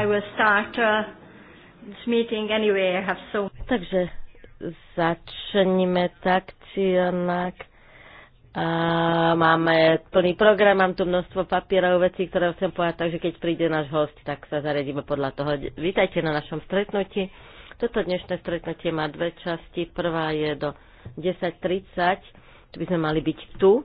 I will start uh, this meeting anyway. I have so Takže začneme tak, či onak. A máme plný program, mám tu množstvo papierov, vecí, ktoré chcem povedať, takže keď príde náš host, tak sa zaredíme podľa toho. Vítajte na našom stretnutí. Toto dnešné stretnutie má dve časti. Prvá je do 10.30, tu by sme mali byť tu,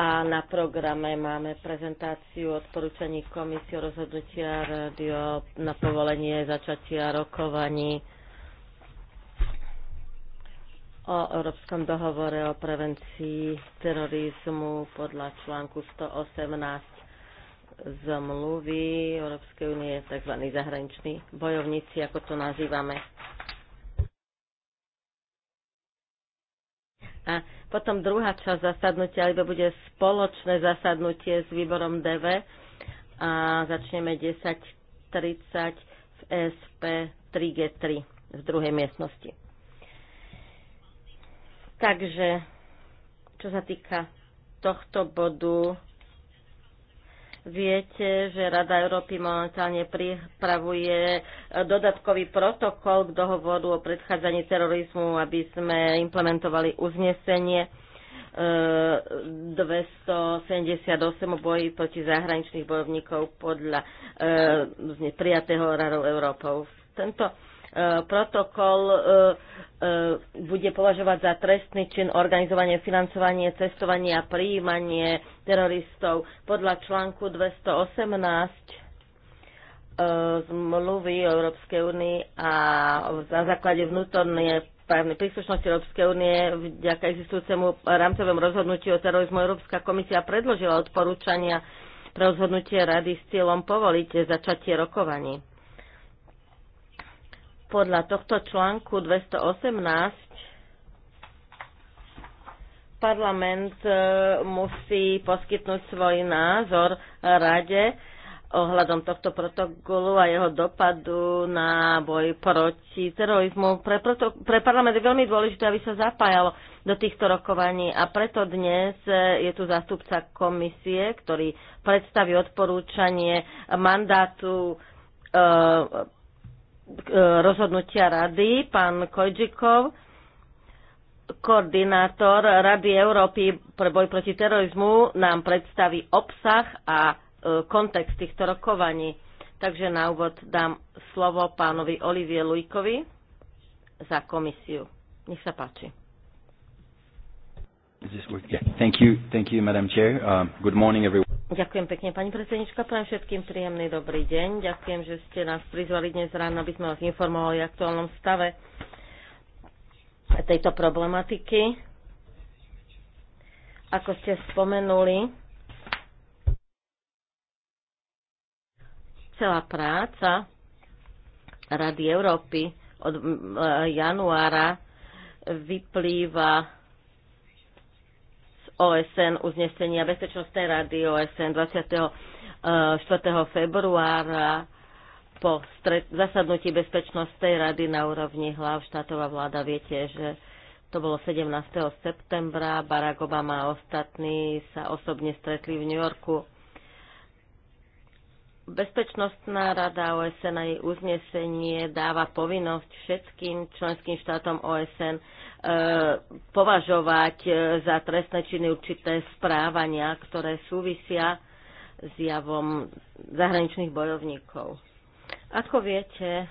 a na programe máme prezentáciu odporúčaní komisie rozhodnutia radio na povolenie začatia rokovaní o Európskom dohovore o prevencii terorizmu podľa článku 118 zmluvy Európskej únie, tzv. zahraniční bojovníci, ako to nazývame. A potom druhá časť zasadnutia, alebo bude spoločné zasadnutie s výborom DV a začneme 10.30 v SP 3G3 v druhej miestnosti. Takže, čo sa týka tohto bodu, Viete, že Rada Európy momentálne pripravuje dodatkový protokol k dohovoru o predchádzaní terorizmu, aby sme implementovali uznesenie 278 e, bojí proti zahraničných bojovníkov podľa e, prijatého Radou Európou. Tento Eh, protokol eh, eh, bude považovať za trestný čin organizovanie, financovanie, cestovanie a prijímanie teroristov podľa článku 218 zmluvy Európskej únie a na základe vnútornej právnej príslušnosti Európskej únie vďaka existujúcemu rámcovému rozhodnutiu o terorizmu Európska komisia predložila odporúčania pre rozhodnutie rady s cieľom povoliť začatie rokovaní podľa tohto článku 218 parlament e, musí poskytnúť svoj názor rade ohľadom tohto protokolu a jeho dopadu na boj proti terorizmu. Pre, proto, pre parlament je veľmi dôležité, aby sa zapájalo do týchto rokovaní a preto dnes e, je tu zástupca komisie, ktorý predstaví odporúčanie mandátu e, E, rozhodnutia rady, pán Kojdžikov, koordinátor Rady Európy pre boj proti terorizmu, nám predstaví obsah a e, kontext týchto rokovaní. Takže na úvod dám slovo pánovi Olivie Lujkovi za komisiu. Nech sa páči. Thank you, thank you, Madam Chair. Uh, good morning, everyone. Ďakujem pekne, pani predsednička. Prajem všetkým príjemný dobrý deň. Ďakujem, že ste nás prizvali dnes ráno, aby sme vás informovali o aktuálnom stave tejto problematiky. Ako ste spomenuli, celá práca Rady Európy od januára vyplýva OSN uznesenia Bezpečnostnej rady OSN 24. E, februára po zasadnutí Bezpečnostnej rady na úrovni hlav štátová vláda viete, že to bolo 17. septembra. Barack Obama a ostatní sa osobne stretli v New Yorku. Bezpečnostná rada OSN a jej uznesenie dáva povinnosť všetkým členským štátom OSN E, považovať e, za trestné činy určité správania, ktoré súvisia s javom zahraničných bojovníkov. Ako viete,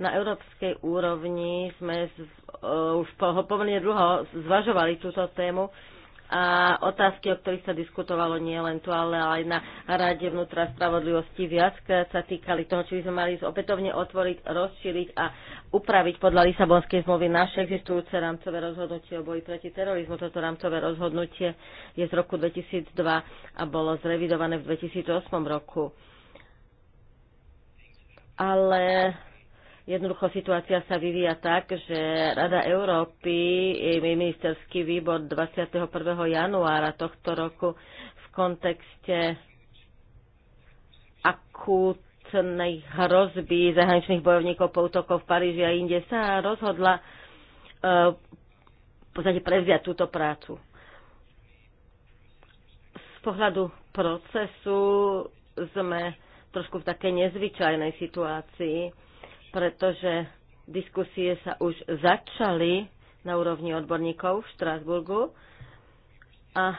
na európskej úrovni sme z, uh, už po, pomerne dlho zvažovali túto tému a otázky, o ktorých sa diskutovalo nie len tu, ale aj na Rade vnútra spravodlivosti viac, sa týkali toho, či by sme mali opätovne otvoriť, rozšíriť a upraviť podľa Lisabonskej zmluvy naše existujúce rámcové rozhodnutie o boji proti terorizmu. Toto rámcové rozhodnutie je z roku 2002 a bolo zrevidované v 2008 roku. Ale Jednoducho situácia sa vyvíja tak, že Rada Európy, ministerský výbor 21. januára tohto roku v kontekste akútnej hrozby zahraničných bojovníkov po útokoch v Paríži a inde sa rozhodla e, v podstate prevziať túto prácu. Z pohľadu procesu sme trošku v takej nezvyčajnej situácii pretože diskusie sa už začali na úrovni odborníkov v Štrásburgu a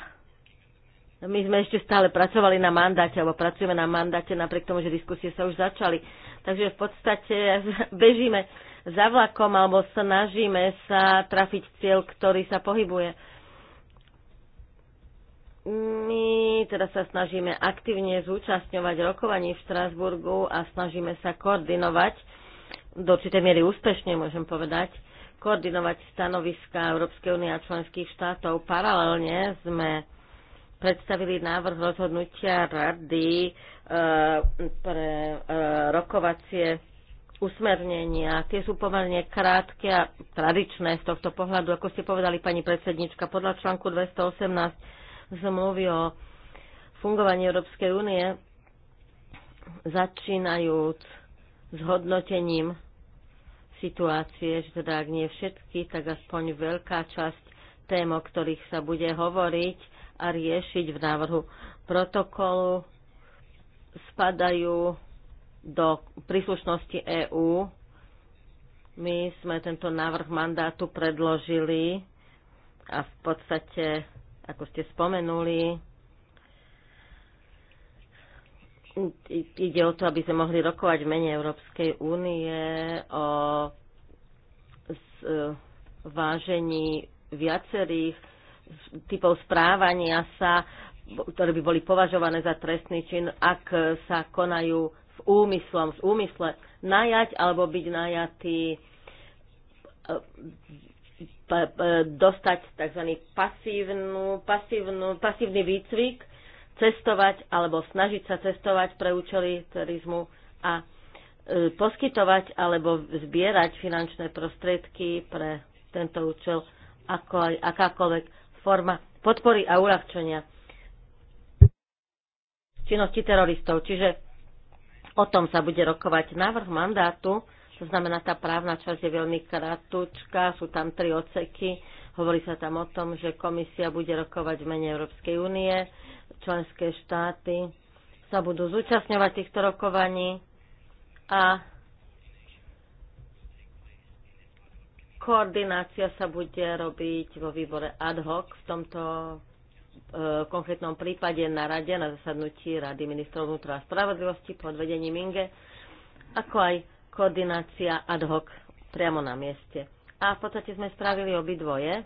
my sme ešte stále pracovali na mandáte, alebo pracujeme na mandáte napriek tomu, že diskusie sa už začali. Takže v podstate bežíme za vlakom alebo snažíme sa trafiť cieľ, ktorý sa pohybuje. My teda sa snažíme aktívne zúčastňovať rokovaní v Štrásburgu a snažíme sa koordinovať do určitej miery úspešne, môžem povedať, koordinovať stanoviska Európskej únie a členských štátov. Paralelne sme predstavili návrh rozhodnutia rady e, pre e, rokovacie usmernenia. Tie sú pomerne krátke a tradičné z tohto pohľadu. Ako ste povedali, pani predsednička, podľa článku 218 zmluvy o fungovaní Európskej únie, začínajúc zhodnotením situácie, že teda ak nie všetky, tak aspoň veľká časť tém, o ktorých sa bude hovoriť a riešiť v návrhu protokolu, spadajú do príslušnosti EÚ. My sme tento návrh mandátu predložili a v podstate, ako ste spomenuli, ide o to, aby sme mohli rokovať v mene Európskej únie o e, vážení viacerých typov správania sa, ktoré by boli považované za trestný čin, ak sa konajú v úmyslom, v úmysle najať alebo byť najatý, e, dostať tzv. Pasívnu, pasívnu, pasívny výcvik, cestovať alebo snažiť sa cestovať pre účely turizmu a e, poskytovať alebo zbierať finančné prostriedky pre tento účel, ako aj akákoľvek forma podpory a uľahčenia činnosti teroristov. Čiže o tom sa bude rokovať návrh mandátu, to znamená, tá právna časť je veľmi kratučka, sú tam tri odseky. Hovorí sa tam o tom, že komisia bude rokovať v mene Európskej únie, členské štáty sa budú zúčastňovať týchto rokovaní a koordinácia sa bude robiť vo výbore ad hoc v tomto e, konkrétnom prípade na rade, na zasadnutí Rady ministrov vnútra a spravodlivosti pod vedením Inge, ako aj koordinácia ad hoc priamo na mieste. A v podstate sme spravili obidvoje.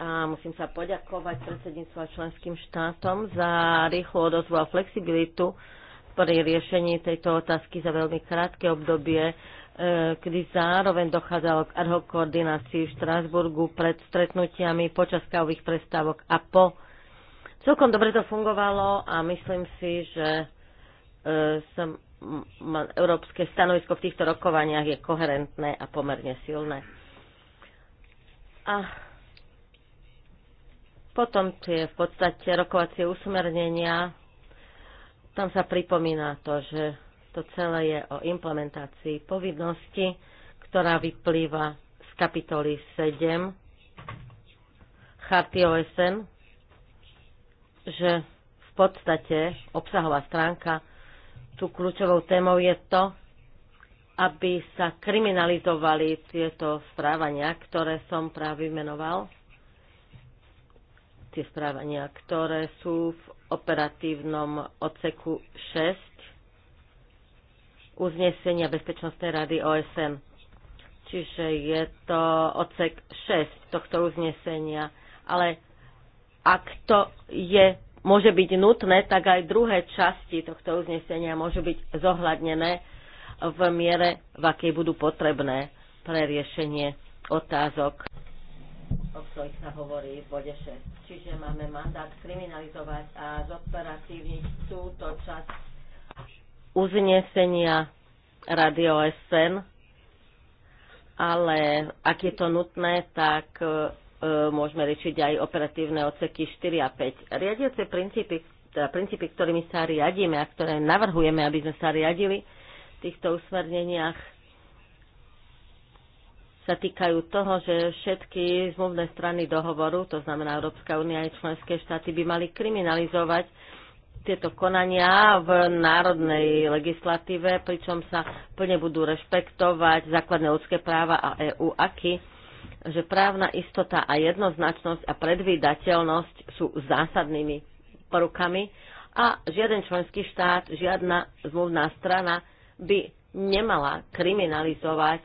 A musím sa poďakovať predsedníctvu a členským štátom za rýchlu odozvu a flexibilitu pri riešení tejto otázky za veľmi krátke obdobie e, kedy zároveň dochádzalo k ad hoc koordinácii v Štrásburgu pred stretnutiami počas kávových prestávok a po. Celkom dobre to fungovalo a myslím si, že e, som, európske stanovisko v týchto rokovaniach je koherentné a pomerne silné. A potom tie v podstate rokovacie usmernenia, tam sa pripomína to, že to celé je o implementácii povinnosti, ktorá vyplýva z kapitoly 7 charty OSN, že v podstate obsahová stránka tu kľúčovou témou je to, aby sa kriminalizovali tieto správania, ktoré som práve vymenoval. Tie správania, ktoré sú v operatívnom odseku 6 uznesenia Bezpečnostnej rady OSN. Čiže je to odsek 6 tohto uznesenia. Ale ak to je, môže byť nutné, tak aj druhé časti tohto uznesenia môžu byť zohľadnené v miere, v akej budú potrebné pre riešenie otázok, o ktorých sa hovorí v bode 6. Čiže máme mandát kriminalizovať a zoperatívniť túto časť uznesenia radio SN, ale ak je to nutné, tak e, môžeme riešiť aj operatívne odseky 4 a 5. Riadiace princípy, teda princípy, ktorými sa riadíme a ktoré navrhujeme, aby sme sa riadili, týchto usmerneniach sa týkajú toho, že všetky zmluvné strany dohovoru, to znamená Európska únia aj členské štáty, by mali kriminalizovať tieto konania v národnej legislatíve, pričom sa plne budú rešpektovať základné ľudské práva a EU aky, že právna istota a jednoznačnosť a predvídateľnosť sú zásadnými porukami a žiaden členský štát, žiadna zmluvná strana by nemala kriminalizovať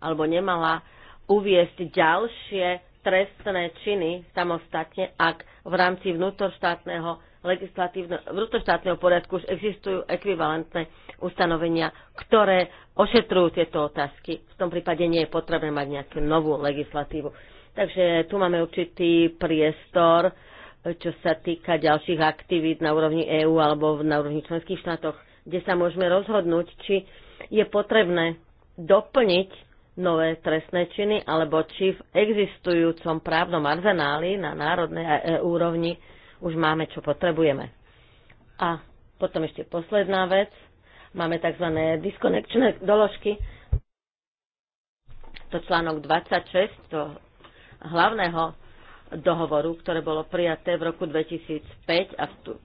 alebo nemala uviesť ďalšie trestné činy samostatne, ak v rámci vnútorštátneho vnútroštátneho poriadku už existujú ekvivalentné ustanovenia, ktoré ošetrujú tieto otázky. V tom prípade nie je potrebné mať nejakú novú legislatívu. Takže tu máme určitý priestor, čo sa týka ďalších aktivít na úrovni EÚ alebo na úrovni členských štátoch kde sa môžeme rozhodnúť, či je potrebné doplniť nové trestné činy, alebo či v existujúcom právnom arzenáli na národnej e, úrovni už máme, čo potrebujeme. A potom ešte posledná vec. Máme tzv. diskonekčné doložky. To článok 26, to hlavného dohovoru, ktoré bolo prijaté v roku 2005 a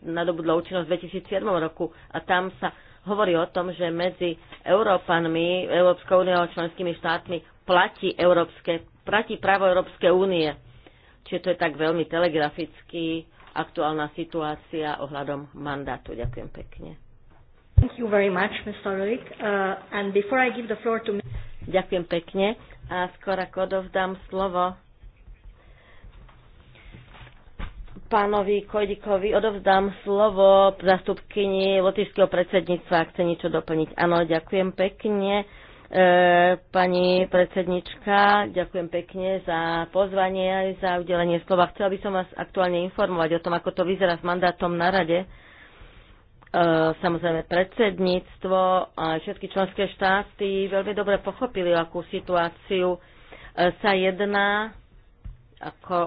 nadobudlo účinnosť v 2007 roku. A tam sa hovorí o tom, že medzi Európanmi, Európskou úniou a členskými štátmi platí, európske, platí právo Európskej únie. Čiže to je tak veľmi telegraficky aktuálna situácia ohľadom mandátu. Ďakujem pekne. Thank you very much, Mr. Uh, and before I give the floor to... Ďakujem pekne. A skôr ako dám slovo pánovi Kojdikovi odovzdám slovo zastupkyni lotyšského predsedníctva, ak chce niečo doplniť. Áno, ďakujem pekne. E, pani predsednička, ďakujem pekne za pozvanie aj za udelenie slova. Chcela by som vás aktuálne informovať o tom, ako to vyzerá s mandátom na rade. E, samozrejme predsedníctvo a všetky členské štáty veľmi dobre pochopili, akú situáciu e, sa jedná ako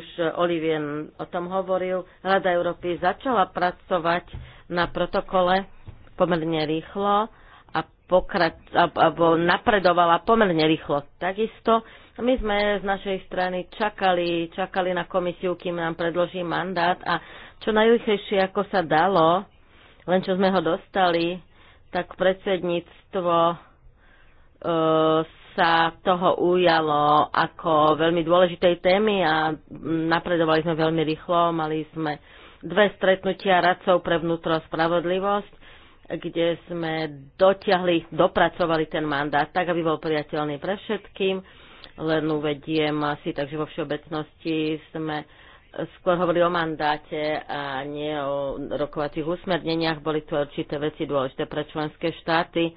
už Olivien o tom hovoril, Rada Európy začala pracovať na protokole pomerne rýchlo a, pokrat, alebo napredovala pomerne rýchlo. Takisto my sme z našej strany čakali, čakali na komisiu, kým nám predloží mandát a čo najrychlejšie, ako sa dalo, len čo sme ho dostali, tak predsedníctvo e, sa toho ujalo ako veľmi dôležitej témy a napredovali sme veľmi rýchlo. Mali sme dve stretnutia radcov pre vnútro spravodlivosť, kde sme dotiahli, dopracovali ten mandát tak, aby bol priateľný pre všetkým. Len uvediem asi, takže vo všeobecnosti sme skôr hovorili o mandáte a nie o rokovacích usmerneniach. Boli to určité veci dôležité pre členské štáty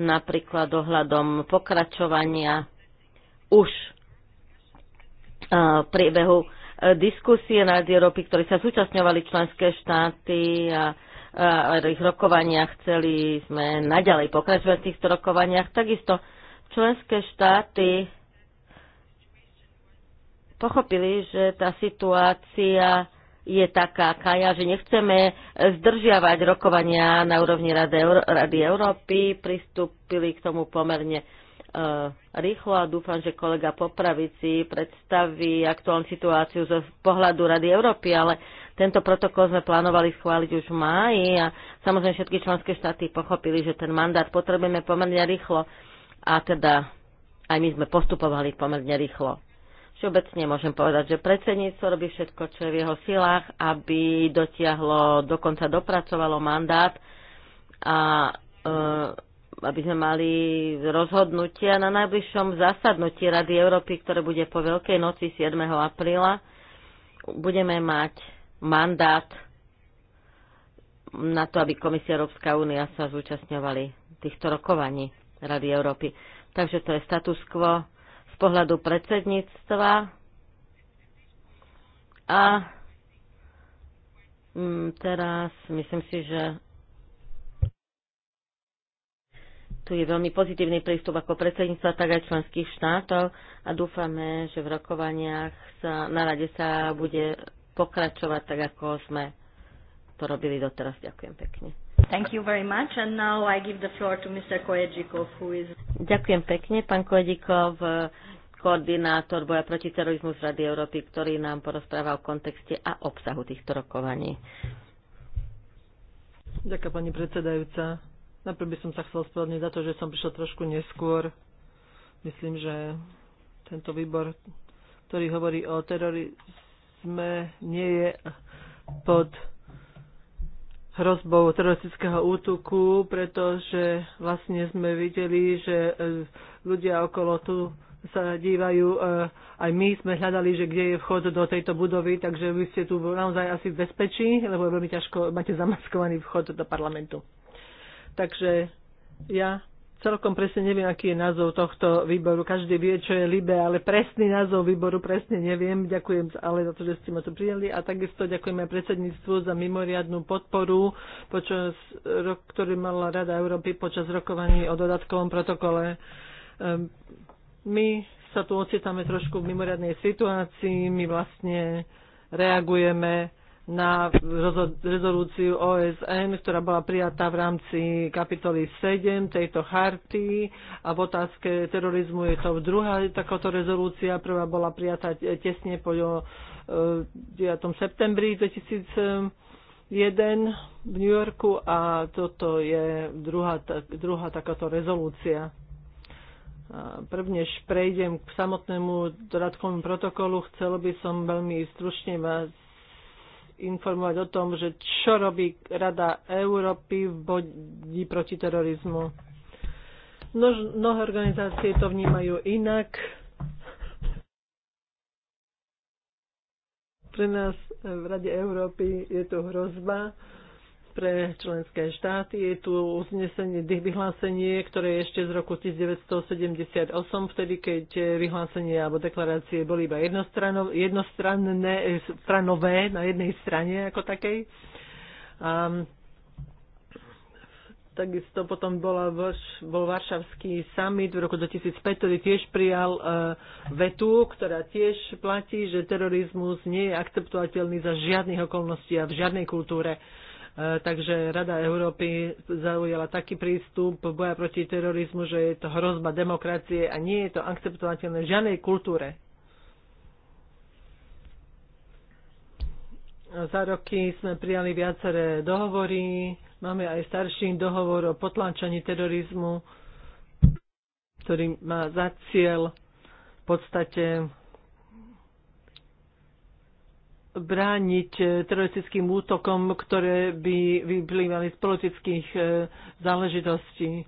napríklad ohľadom pokračovania už e, priebehu e, diskusie na Európy, ktorí sa zúčastňovali členské štáty a v ich rokovaniach chceli sme naďalej pokračovať v týchto rokovaniach. Takisto členské štáty pochopili, že tá situácia je taká kaja, že nechceme zdržiavať rokovania na úrovni Rady, Euró- Rady Európy. Pristúpili k tomu pomerne e, rýchlo a dúfam, že kolega Popravici predstaví aktuálnu situáciu zo pohľadu Rady Európy, ale tento protokol sme plánovali schváliť už v máji a samozrejme všetky členské štáty pochopili, že ten mandát potrebujeme pomerne rýchlo a teda aj my sme postupovali pomerne rýchlo Všeobecne môžem povedať, že predsedníctvo robí všetko, čo je v jeho silách, aby dotiahlo, dokonca dopracovalo mandát a e, aby sme mali rozhodnutia na najbližšom zasadnutí Rady Európy, ktoré bude po Veľkej noci 7. apríla. Budeme mať mandát na to, aby Komisia Európska únia sa zúčastňovali týchto rokovaní Rady Európy. Takže to je status quo pohľadu predsedníctva a mm, teraz myslím si, že tu je veľmi pozitívny prístup ako predsedníctva, tak aj členských štátov a dúfame, že v rokovaniach sa, na rade sa bude pokračovať tak, ako sme to robili doteraz. Ďakujem pekne. Thank you very much and now I give the floor to Mr. Koedžikov, who is... Ďakujem pekne, pán Koedžikov koordinátor boja proti terorizmu z Rady Európy, ktorý nám porozpráva o kontexte a obsahu týchto rokovaní. Ďakujem, pani predsedajúca. Najprv by som sa chcel spravedlniť za to, že som prišla trošku neskôr. Myslím, že tento výbor, ktorý hovorí o terorizme, nie je pod hrozbou teroristického útoku, pretože vlastne sme videli, že e, ľudia okolo tu sa dívajú, e, aj my sme hľadali, že kde je vchod do tejto budovy, takže vy ste tu naozaj asi v bezpečí, lebo je veľmi ťažko, máte zamaskovaný vchod do parlamentu. Takže ja celkom presne neviem, aký je názov tohto výboru. Každý vie, čo je Libe, ale presný názov výboru presne neviem. Ďakujem ale za to, že ste ma tu prijeli a takisto ďakujem aj predsedníctvu za mimoriadnú podporu, počas, ktorý mala Rada Európy počas rokovaní o dodatkovom protokole ehm, my sa tu ocitáme trošku v mimoriadnej situácii. My vlastne reagujeme na rezolúciu OSN, ktorá bola prijatá v rámci kapitoly 7 tejto charty a v otázke terorizmu je to druhá takáto rezolúcia. Prvá bola prijatá tesne po 9. E, septembri 2001 v New Yorku a toto je druhá, druhá takáto rezolúcia. Prvnež prejdem k samotnému dodatkovému protokolu, chcel by som veľmi stručne vás informovať o tom, že čo robí Rada Európy v boji proti terorizmu. Mnohé organizácie to vnímajú inak. Pre nás v Rade Európy je to hrozba, pre členské štáty. Je tu uznesenie, vyhlásenie, ktoré je ešte z roku 1978, vtedy keď vyhlásenie alebo deklarácie boli iba jednostranné, eh, stranové na jednej strane ako takej. A takisto potom bola, bol Varšavský summit v roku 2005, ktorý tiež prijal uh, vetu, ktorá tiež platí, že terorizmus nie je akceptovateľný za žiadnych okolností a v žiadnej kultúre. Uh, E, takže Rada Európy zaujala taký prístup boja proti terorizmu, že je to hrozba demokracie a nie je to akceptovateľné v žiadnej kultúre. Za roky sme prijali viaceré dohovory, máme aj starší dohovor o potláčaní terorizmu, ktorý má za cieľ v podstate brániť eh, teroristickým útokom, ktoré by vyplývali z politických eh, záležitostí,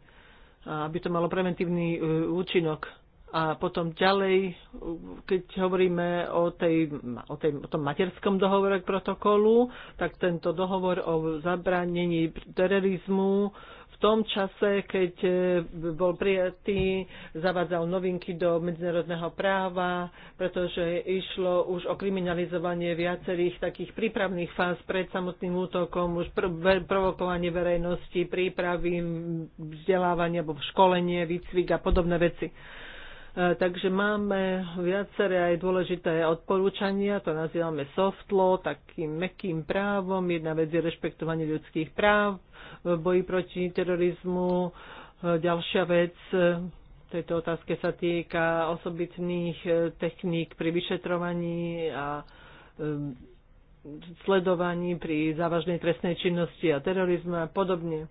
aby to malo preventívny eh, účinok. A potom ďalej, keď hovoríme o, tej, o, tej, o tom materskom dohovore k protokolu, tak tento dohovor o zabránení terorizmu v tom čase, keď e, bol prijatý, zavádzal novinky do medzinárodného práva, pretože išlo už o kriminalizovanie viacerých takých prípravných fáz pred samotným útokom, už provokovanie verejnosti, prípravy, vzdelávania, školenie, výcvik a podobné veci. E, takže máme viaceré aj dôležité odporúčania, to nazývame soft law, takým mekým právom. Jedna vec je rešpektovanie ľudských práv v boji proti terorizmu. E, ďalšia vec e, tejto otázke sa týka osobitných techník pri vyšetrovaní a sledovaní pri závažnej trestnej činnosti a terorizme a podobne.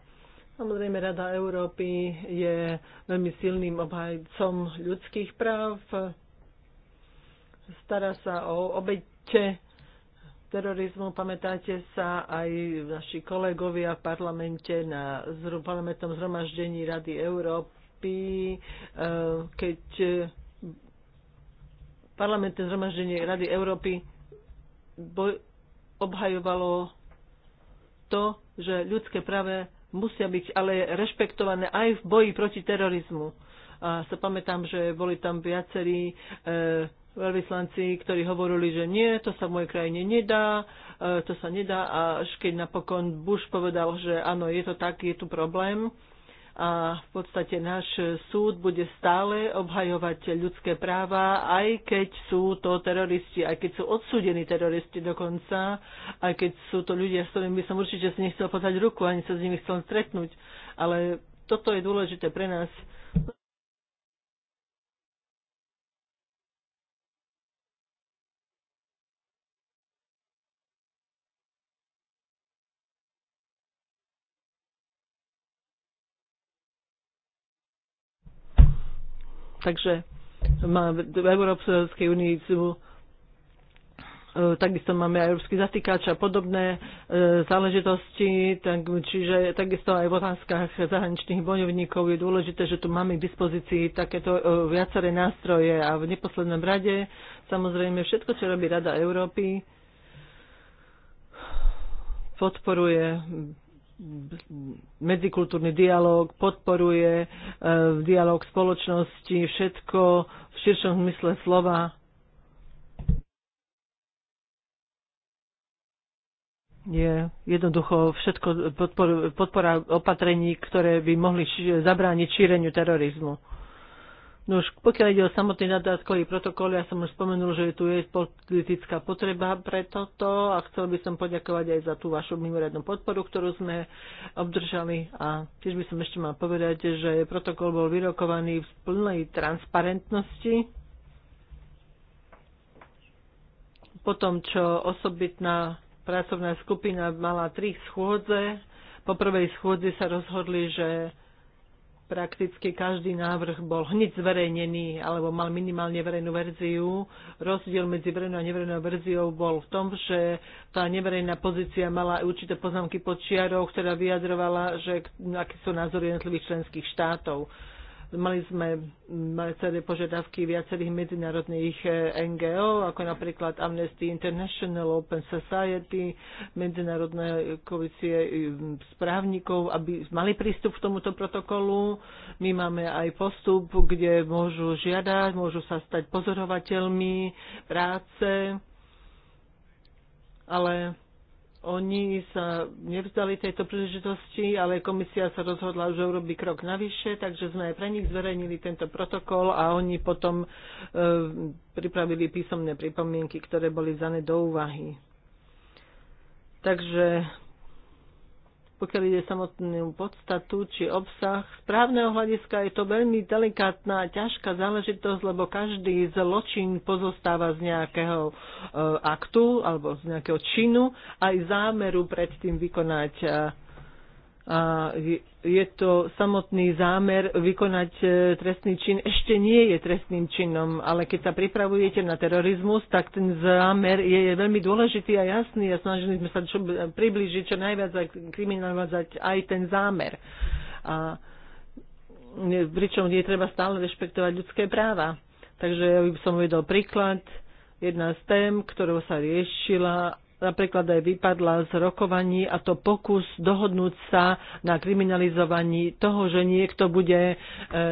Samozrejme, Rada Európy je veľmi silným obhajcom ľudských práv. Stará sa o obete terorizmu. Pamätáte sa aj naši kolegovia v parlamente na parlamentnom zhromaždení Rady Európy, e, keď parlamentné zhromaždenie Rady Európy obhajovalo to, že ľudské práve musia byť ale rešpektované aj v boji proti terorizmu. A sa pamätám, že boli tam viacerí e, veľvyslanci, ktorí hovorili, že nie, to sa v mojej krajine nedá, e, to sa nedá. A až keď napokon Bush povedal, že áno, je to tak, je tu problém, a v podstate náš súd bude stále obhajovať ľudské práva, aj keď sú to teroristi, aj keď sú odsúdení teroristi dokonca, aj keď sú to ľudia, s ktorými by som určite si nechcel podať ruku, ani sa s nimi chcel stretnúť. Ale toto je dôležité pre nás, Takže v Európskej únii sú e, takisto máme aj európsky zatýkač a podobné e, záležitosti, tak, čiže takisto aj v otázkach zahraničných bojovníkov je dôležité, že tu máme k dispozícii takéto e, viaceré nástroje a v neposlednom rade samozrejme všetko, čo robí Rada Európy, podporuje medzikultúrny dialog, podporuje e, dialog spoločnosti, všetko v širšom zmysle slova. je jednoducho všetko podpor, podpora opatrení, ktoré by mohli ši- zabrániť šíreniu terorizmu. No už pokiaľ ide o samotný nadátkový protokol, ja som už spomenul, že tu je politická potreba pre toto a chcel by som poďakovať aj za tú vašu mimoriadnú podporu, ktorú sme obdržali. A tiež by som ešte mal povedať, že protokol bol vyrokovaný v plnej transparentnosti. Po tom, čo osobitná pracovná skupina mala tri schôdze, po prvej schôdzi sa rozhodli, že prakticky každý návrh bol hneď zverejnený alebo mal minimálne verejnú verziu. Rozdiel medzi verejnou a neverejnou verziou bol v tom, že tá neverejná pozícia mala určité poznámky pod čiarou, ktorá vyjadrovala, že aké sú názory jednotlivých členských štátov. Mali sme celé požiadavky viacerých medzinárodných eh, NGO, ako napríklad Amnesty International, Open Society, medzinárodné koalície eh, správnikov, aby mali prístup k tomuto protokolu. My máme aj postup, kde môžu žiadať, môžu sa stať pozorovateľmi práce, ale oni sa nevzdali tejto príležitosti, ale komisia sa rozhodla, že urobí krok navyše, takže sme aj pre nich zverejnili tento protokol a oni potom e, pripravili písomné pripomienky, ktoré boli vzané do úvahy. Takže pokiaľ ide samotnú podstatu či obsah. Z právneho hľadiska je to veľmi delikátna a ťažká záležitosť, lebo každý zločin pozostáva z nejakého e, aktu alebo z nejakého činu aj zámeru predtým vykonať e, a je to samotný zámer vykonať e, trestný čin. Ešte nie je trestným činom, ale keď sa pripravujete na terorizmus, tak ten zámer je veľmi dôležitý a jasný a snažili sme sa čo, približiť čo najviac a kriminalizovať aj ten zámer. A, pričom je treba stále rešpektovať ľudské práva. Takže ja by som uvedol príklad. Jedna z tém, ktorou sa riešila napríklad aj vypadla z rokovaní a to pokus dohodnúť sa na kriminalizovaní toho, že niekto bude e,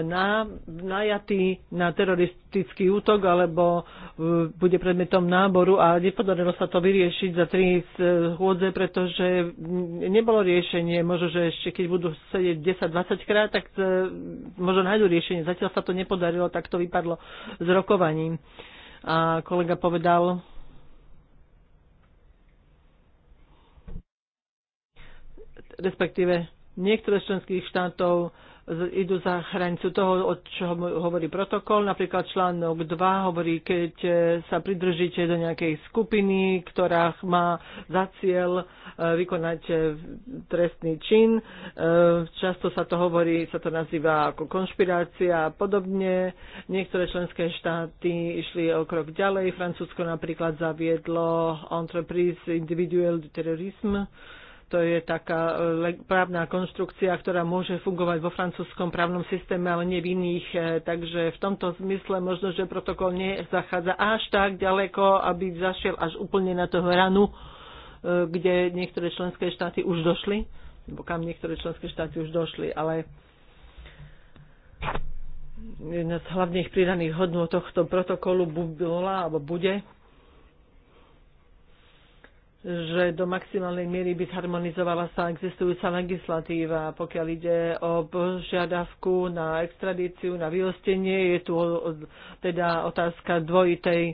na, najatý na teroristický útok alebo e, bude predmetom náboru a nepodarilo sa to vyriešiť za tri e, chôdze, pretože nebolo riešenie. Možno, že ešte keď budú sedieť 10-20 krát, tak možno nájdú riešenie. Zatiaľ sa to nepodarilo, tak to vypadlo z rokovaní. A kolega povedal, respektíve niektoré z členských štátov idú za hranicu toho, od čoho hovorí protokol. Napríklad článok 2 hovorí, keď e, sa pridržíte do nejakej skupiny, ktorá má za cieľ e, vykonať e, trestný čin. Často sa to hovorí, sa to nazýva ako konšpirácia a podobne. Niektoré členské štáty išli o krok ďalej. Francúzsko napríklad zaviedlo entreprise individuel terrorisme to je taká e, právna konštrukcia, ktorá môže fungovať vo francúzskom právnom systéme, ale nie v iných. E, takže v tomto zmysle možno, že protokol nezachádza až tak ďaleko, aby zašiel až úplne na toho ranu, e, kde niektoré členské štáty už došli, alebo kam niektoré členské štáty už došli, ale jedna z hlavných pridaných hodnot tohto protokolu bola alebo bude že do maximálnej miery by zharmonizovala sa existujúca legislatíva. Pokiaľ ide o požiadavku na extradíciu, na vyhostenie, je tu teda otázka dvojitej e,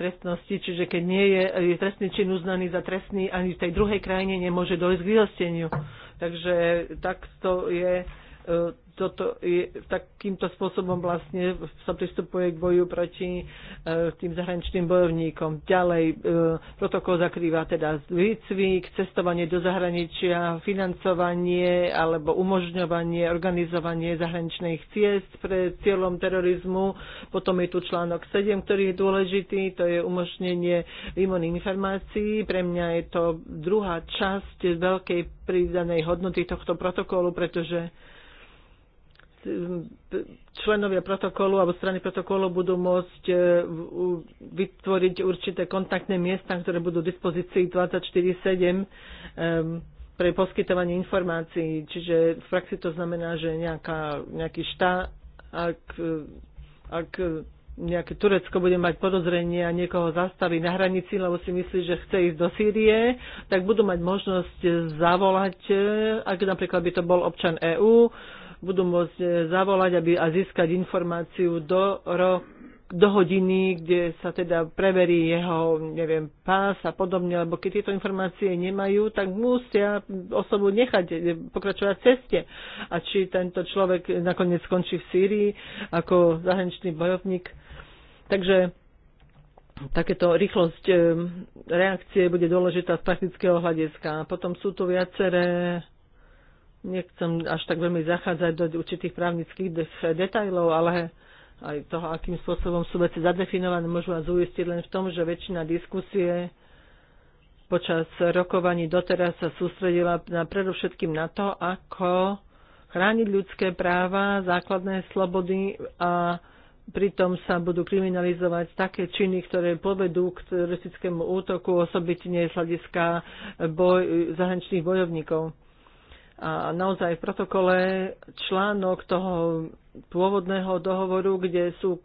trestnosti, čiže keď nie je trestný čin uznaný za trestný, ani v tej druhej krajine nemôže dojsť k vyhosteniu. Takže takto je E, toto je, takýmto spôsobom vlastne sa pristupuje k boju proti uh, tým zahraničným bojovníkom. Ďalej uh, protokol zakrýva teda výcvik, cestovanie do zahraničia, financovanie alebo umožňovanie, organizovanie zahraničných ciest pre cieľom terorizmu. Potom je tu článok 7, ktorý je dôležitý, to je umožnenie výmony informácií. Pre mňa je to druhá časť veľkej pridanej hodnoty tohto protokolu, pretože členovia protokolu alebo strany protokolu budú môcť e, vytvoriť určité kontaktné miesta, ktoré budú v dispozícii 24-7 pre poskytovanie informácií. Čiže v praxi to znamená, že nejaká, nejaký štát, ak, e, ak nejaké Turecko bude mať podozrenie a niekoho zastaví na hranici, lebo si myslí, že chce ísť do Sýrie, tak budú mať možnosť zavolať, e, ak napríklad by to bol občan EÚ, budú môcť e, zavolať aby, a získať informáciu do, ro, do hodiny, kde sa teda preverí jeho, neviem, pás a podobne, lebo keď tieto informácie nemajú, tak musia osobu nechať e, pokračovať v ceste. A či tento človek nakoniec skončí v Sýrii ako zahraničný bojovník. Takže takéto rýchlosť e, reakcie bude dôležitá z praktického hľadiska. Potom sú tu viaceré nechcem až tak veľmi zachádzať do určitých právnických detajlov, ale aj toho, akým spôsobom sú veci zadefinované, môžu vás uistiť len v tom, že väčšina diskusie počas rokovaní doteraz sa sústredila na, predovšetkým na to, ako chrániť ľudské práva, základné slobody a pritom sa budú kriminalizovať také činy, ktoré povedú k teroristickému útoku, osobitne z hľadiska boj, zahraničných bojovníkov. A naozaj v protokole článok toho pôvodného dohovoru, kde sú e,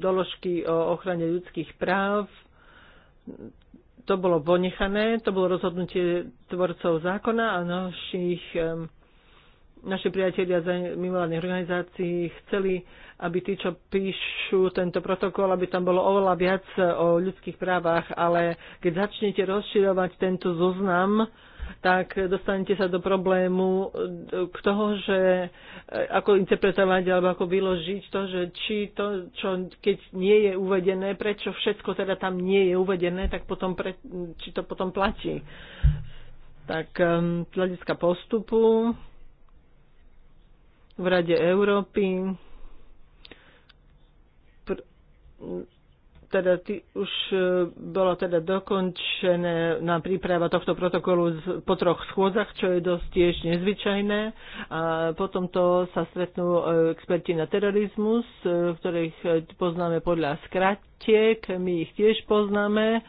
doložky o ochrane ľudských práv, to bolo ponechané, to bolo rozhodnutie tvorcov zákona a našich, e, naši priatelia z mimovládnych organizácií chceli, aby tí, čo píšu tento protokol, aby tam bolo oveľa viac o ľudských právach, ale keď začnete rozširovať tento zoznam, tak dostanete sa do problému k toho, že e, ako interpretovať alebo ako vyložiť to, že či to, čo keď nie je uvedené, prečo všetko teda tam nie je uvedené, tak potom pre, či to potom platí. Tak z hľadiska postupu v Rade Európy pr- teda ty, už e, bolo teda dokončené na príprava tohto protokolu po troch schôdzach, čo je dosť tiež nezvyčajné. A potom to sa stretnú e, experti na terorizmus, e, ktorých poznáme podľa skratiek, my ich tiež poznáme,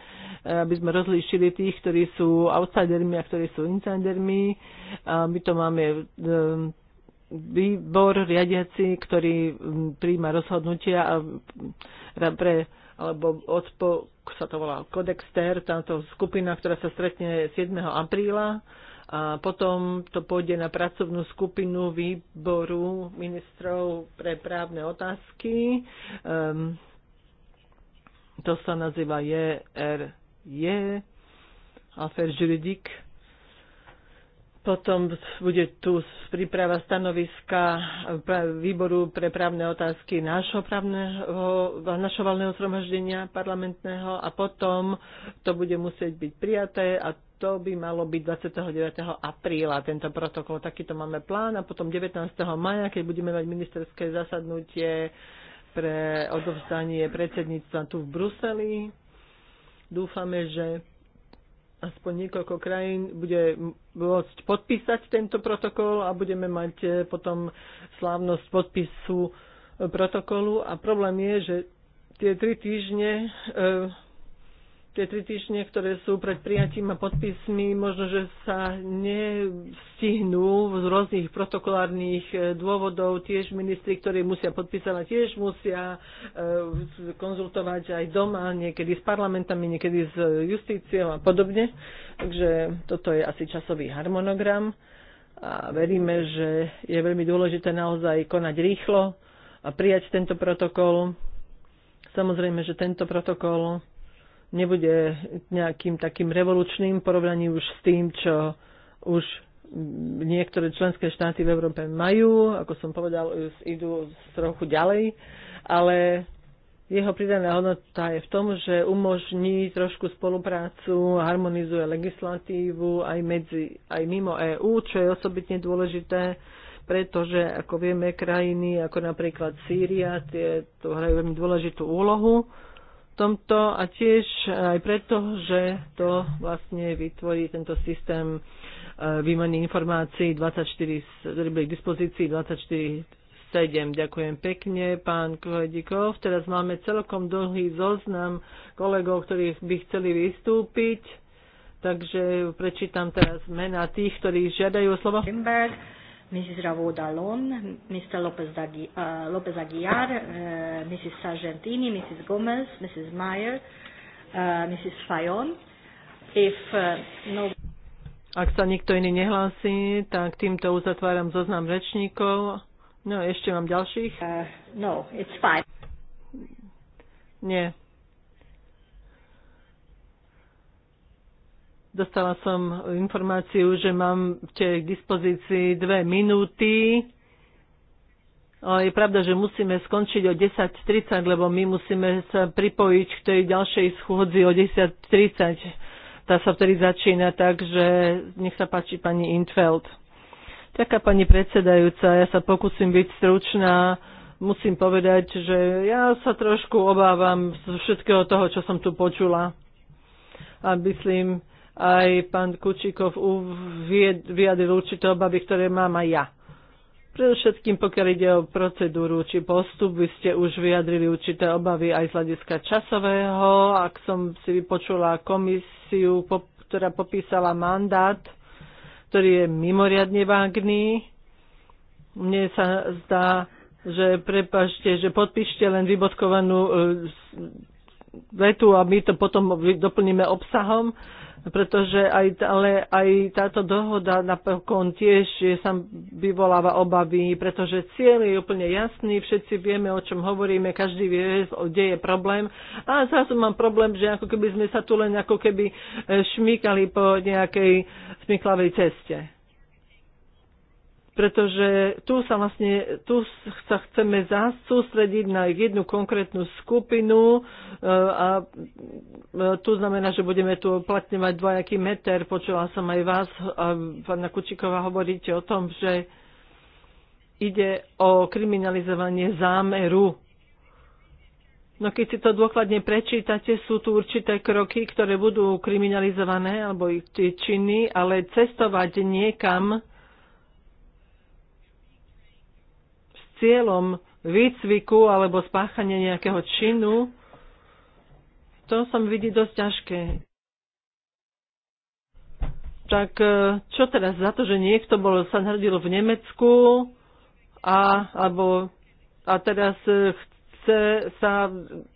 aby sme rozlíšili tých, ktorí sú outsidermi a ktorí sú insidermi. A my to máme výbor riadiaci, ktorý príjma rozhodnutia a pre alebo odpo, sa to volá Codex TER, táto skupina, ktorá sa stretne 7. apríla a potom to pôjde na pracovnú skupinu výboru ministrov pre právne otázky. Um, to sa nazýva JRJ, Affaire juridique potom bude tu príprava stanoviska výboru pre právne otázky nášho, právneho, nášho valného zhromaždenia parlamentného a potom to bude musieť byť prijaté a to by malo byť 29. apríla tento protokol. Takýto máme plán a potom 19. maja, keď budeme mať ministerské zasadnutie pre odovzdanie predsedníctva tu v Bruseli. Dúfame, že aspoň niekoľko krajín bude môcť podpísať tento protokol a budeme mať e, potom slávnosť podpisu e, protokolu. A problém je, že tie tri týždne e, tie tri týždne, ktoré sú pred prijatím a podpismi, možno, že sa nestihnú z rôznych protokolárnych eh, dôvodov. Tiež ministri, ktorí musia podpísať, tiež musia eh, konzultovať aj doma, niekedy s parlamentami, niekedy s justíciou a podobne. Takže toto je asi časový harmonogram a veríme, že je veľmi dôležité naozaj konať rýchlo a prijať tento protokol. Samozrejme, že tento protokol nebude nejakým takým revolučným porovnaní už s tým, čo už niektoré členské štáty v Európe majú, ako som povedal, idú trochu ďalej, ale jeho pridaná hodnota je v tom, že umožní trošku spoluprácu, harmonizuje legislatívu aj, medzi, aj mimo EÚ, čo je osobitne dôležité, pretože, ako vieme, krajiny ako napríklad Sýria, tie tu hrajú veľmi dôležitú úlohu tomto a tiež aj preto, že to vlastne vytvorí tento systém e, výmeny informácií 24, ktorý k dispozícii 24 7. Ďakujem pekne, pán Kohodikov. Teraz máme celkom dlhý zoznam kolegov, ktorí by chceli vystúpiť. Takže prečítam teraz mena tých, ktorí žiadajú slovo. Mrs. Ravoda Lon, Mr. Lopez, Agui- uh, eh, Lopez Aguiar, uh, eh, Mrs. Sargentini, Mrs. Gomez, Mrs. Meyer, uh, eh, Mrs. Fayon. If uh, no... Ak sa nikto iný nehlási, tak týmto uzatváram zoznam rečníkov. No, ešte mám ďalších. Uh, no, it's fine. Nie, Dostala som informáciu, že mám k dispozícii dve minúty. Je pravda, že musíme skončiť o 10.30, lebo my musíme sa pripojiť k tej ďalšej schôdzi o 10.30. Tá sa vtedy začína, takže nech sa páči pani Intfeld. Taká pani predsedajúca, ja sa pokúsim byť stručná musím povedať, že ja sa trošku obávam z všetkého toho, čo som tu počula. A myslím, aj pán Kučíkov vyjadril určité obavy, ktoré mám aj ja. Predovšetkým, pokiaľ ide o procedúru či postup, vy ste už vyjadrili určité obavy aj z hľadiska časového. Ak som si vypočula komisiu, ktorá popísala mandát, ktorý je mimoriadne vágný, mne sa zdá, že prepašte, že podpíšte len vybodkovanú e, vetu a my to potom doplníme obsahom pretože aj, ale aj táto dohoda napokon tiež sa vyvoláva obavy, pretože cieľ je úplne jasný, všetci vieme, o čom hovoríme, každý vie, kde je problém. A zrazu mám problém, že ako keby sme sa tu len ako keby e, šmýkali po nejakej smyklavej ceste pretože tu sa vlastne tu sa chceme sústrediť na jednu konkrétnu skupinu eh, a eh, tu znamená, že budeme tu uplatňovať dvojaký meter. Počula som aj vás, a pána Kučíková, hovoríte o tom, že ide o kriminalizovanie zámeru. No keď si to dôkladne prečítate, sú tu určité kroky, ktoré budú kriminalizované alebo ich činy, ale cestovať niekam cieľom výcviku alebo spáchania nejakého činu, to som vidí dosť ťažké. Tak e, čo teraz za to, že niekto bol, sa narodil v Nemecku a, alebo, a teraz e, chce sa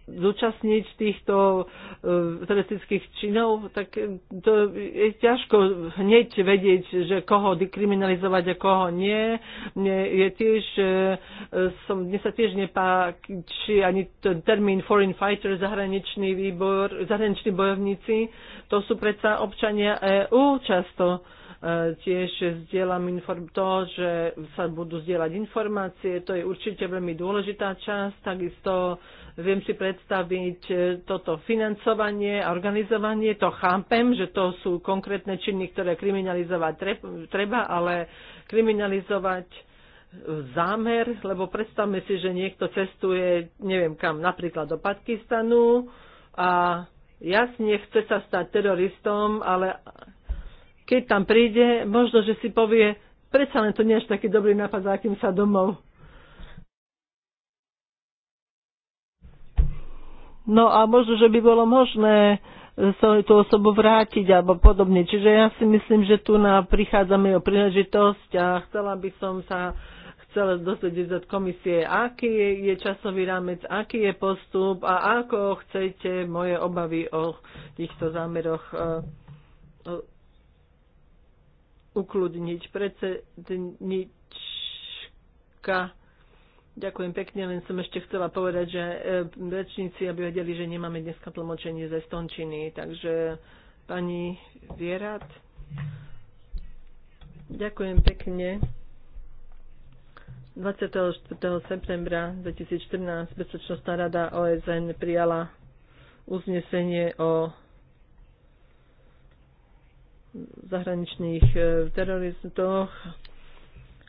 zúčastniť týchto eh, teroristických činov, tak eh, to je ťažko hneď vedieť, že koho dekriminalizovať a koho nie. Mne, je tiež, eh, som, mne sa tiež nepáči ani ten termín foreign fighter, zahraničný výbor, zahraniční bojovníci. To sú predsa občania EU často E, tiež zdieľam to, že sa budú zdieľať informácie, to je určite veľmi dôležitá časť. Takisto viem si predstaviť e, toto financovanie organizovanie, to chápem, že to sú konkrétne činy, ktoré kriminalizovať treba, ale kriminalizovať zámer, lebo predstavme si, že niekto cestuje, neviem kam, napríklad do Pakistanu a jasne chce sa stať teroristom, ale keď tam príde, možno, že si povie, predsa len to nie je taký dobrý nápad, akým sa domov. No a možno, že by bolo možné sa tú osobu vrátiť alebo podobne. Čiže ja si myslím, že tu na, prichádzame o príležitosť a chcela by som sa chcela dozvedieť od komisie, aký je časový rámec, aký je postup a ako chcete moje obavy o týchto zámeroch e, ukludniť. Predsednička Ďakujem pekne, len som ešte chcela povedať, že e, rečníci, aby vedeli, že nemáme dneska tlmočenie ze Stončiny. Takže pani Vierat, ďakujem pekne. 24. septembra 2014 Bezpečnostná rada OSN prijala uznesenie o zahraničných e, teroristoch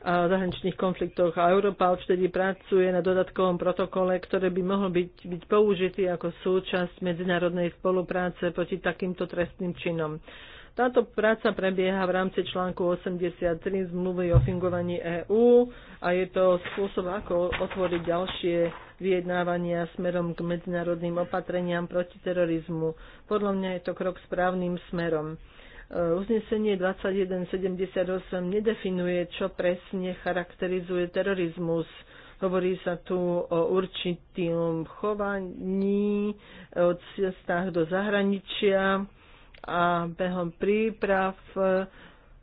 a zahraničných konfliktoch a Európa odvtedy pracuje na dodatkovom protokole, ktoré by mohol byť, byť použitý ako súčasť medzinárodnej spolupráce proti takýmto trestným činom. Táto práca prebieha v rámci článku 83 zmluvy o fungovaní EÚ a je to spôsob, ako otvoriť ďalšie vyjednávania smerom k medzinárodným opatreniam proti terorizmu. Podľa mňa je to krok správnym smerom. Uznesenie 2178 nedefinuje, čo presne charakterizuje terorizmus. Hovorí sa tu o určitým chovaní, o cestách do zahraničia a behom príprav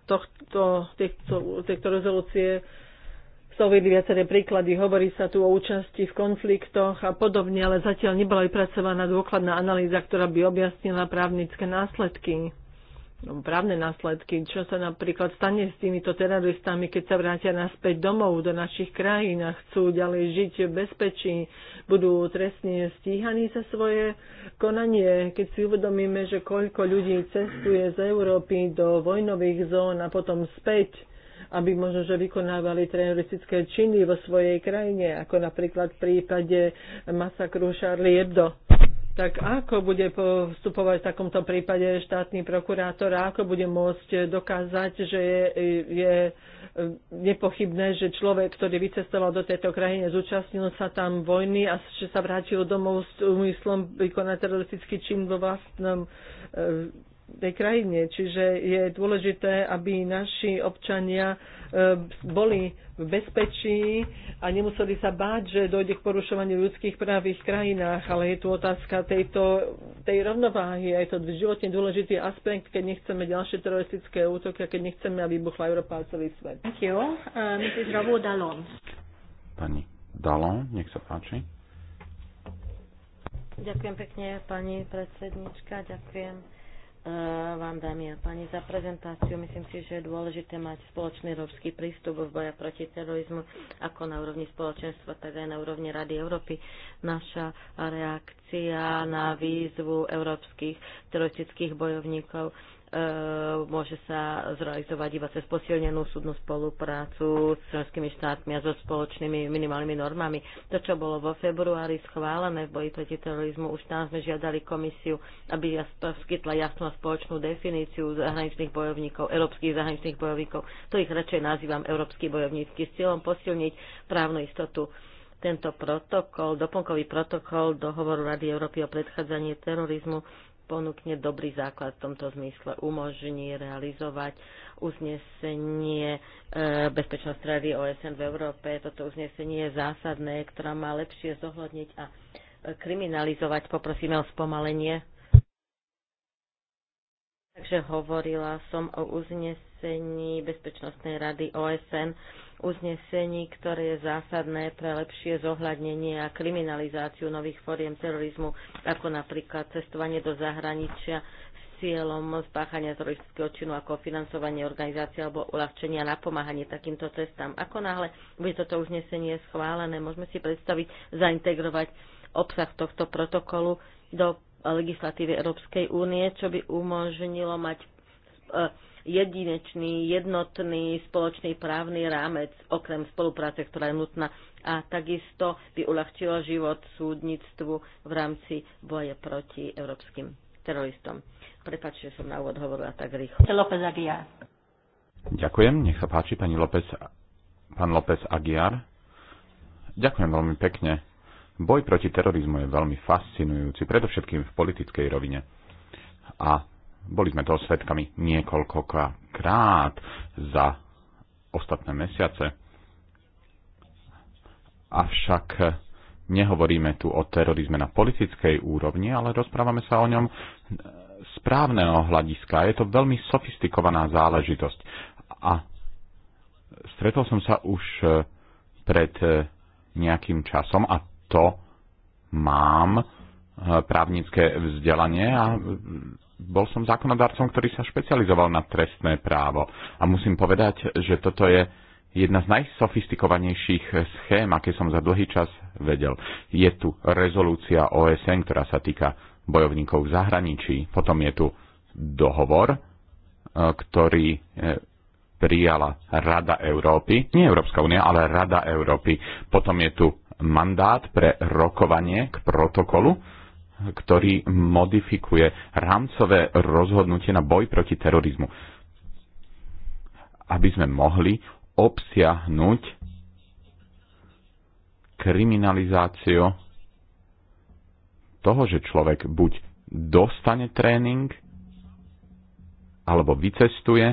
tohto, tejto, tejto rezolúcie sa uvedli viaceré príklady. Hovorí sa tu o účasti v konfliktoch a podobne, ale zatiaľ nebola vypracovaná dôkladná analýza, ktorá by objasnila právnické následky právne následky, čo sa napríklad stane s týmito teroristami, keď sa vrátia naspäť domov do našich krajín a chcú ďalej žiť v bezpečí, budú trestne stíhaní za svoje konanie. Keď si uvedomíme, že koľko ľudí cestuje z Európy do vojnových zón a potom späť, aby možno, že vykonávali teroristické činy vo svojej krajine, ako napríklad v prípade masakru Charlie Hebdo tak ako bude postupovať v takomto prípade štátny prokurátor a ako bude môcť dokázať, že je, je e, nepochybné, že človek, ktorý vycestoval do tejto krajiny, zúčastnil sa tam vojny a že sa vrátil domov s úmyslom vykonať teroristický čin vo vlastnom e, tej krajine. Čiže je dôležité, aby naši občania e, boli v bezpečí a nemuseli sa báť, že dojde k porušovaniu ľudských práv v ich krajinách, ale je tu otázka tejto, tej rovnováhy. Je to životne dôležitý aspekt, keď nechceme ďalšie teroristické útoky a keď nechceme, aby buchla Európa a celý svet. Uh, pani Dalon, nech sa páči. Ďakujem pekne, pani predsednička. Ďakujem Eh, vám, dámy a páni, za prezentáciu. Myslím si, že je dôležité mať spoločný európsky prístup v boja proti terorizmu, ako na úrovni spoločenstva, tak aj na úrovni Rady Európy. Naša reakcia na výzvu európskych teroristických bojovníkov Eh, môže sa zrealizovať iba cez posilnenú súdnu spoluprácu s členskými štátmi a so spoločnými minimálnymi normami. To, čo bolo vo februári schválené v boji proti terorizmu, už tam sme žiadali komisiu, aby skytla jasnú a spoločnú definíciu zahraničných bojovníkov, európskych zahraničných bojovníkov. To ich radšej nazývam európsky bojovnícky s cieľom posilniť právnu istotu tento protokol, doplnkový protokol dohovoru Rady Európy o predchádzanie terorizmu ponúkne dobrý základ v tomto zmysle, umožní realizovať uznesenie e, Bezpečnosti rady OSN v Európe. Toto uznesenie je zásadné, ktorá má lepšie zohľadniť a kriminalizovať. Poprosíme o spomalenie. Takže hovorila som o uznesení Bezpečnostnej rady OSN uznesení, ktoré je zásadné pre lepšie zohľadnenie a kriminalizáciu nových foriem terorizmu, ako napríklad cestovanie do zahraničia s cieľom spáchania teroristického činu ako financovanie organizácie alebo uľahčenia a napomáhanie takýmto cestám. Ako náhle bude toto uznesenie schválené, môžeme si predstaviť zaintegrovať obsah tohto protokolu do legislatívy Európskej únie, čo by umožnilo mať e, jedinečný, jednotný spoločný právny rámec, okrem spolupráce, ktorá je nutná a takisto by uľahčilo život súdnictvu v rámci boje proti európskym teroristom. Prepač, že som na úvod hovorila tak rýchlo. López Aguiar. Ďakujem, nech sa páči pani López, pán López Aguiar. Ďakujem veľmi pekne. Boj proti terorizmu je veľmi fascinujúci, predovšetkým v politickej rovine. A boli sme toho svetkami niekoľkokrát za ostatné mesiace. Avšak nehovoríme tu o terorizme na politickej úrovni, ale rozprávame sa o ňom z hľadiska. Je to veľmi sofistikovaná záležitosť. A stretol som sa už eh, pred eh, nejakým časom a to mám eh, právnické vzdelanie a bol som zákonodarcom, ktorý sa špecializoval na trestné právo. A musím povedať, že toto je jedna z najsofistikovanejších schém, aké som za dlhý čas vedel. Je tu rezolúcia OSN, ktorá sa týka bojovníkov v zahraničí. Potom je tu dohovor, e, ktorý e, prijala Rada Európy, nie Európska únia, ale Rada Európy. Potom je tu mandát pre rokovanie k protokolu, ktorý modifikuje rámcové rozhodnutie na boj proti terorizmu, aby sme mohli obsiahnuť kriminalizáciu toho, že človek buď dostane tréning, alebo vycestuje,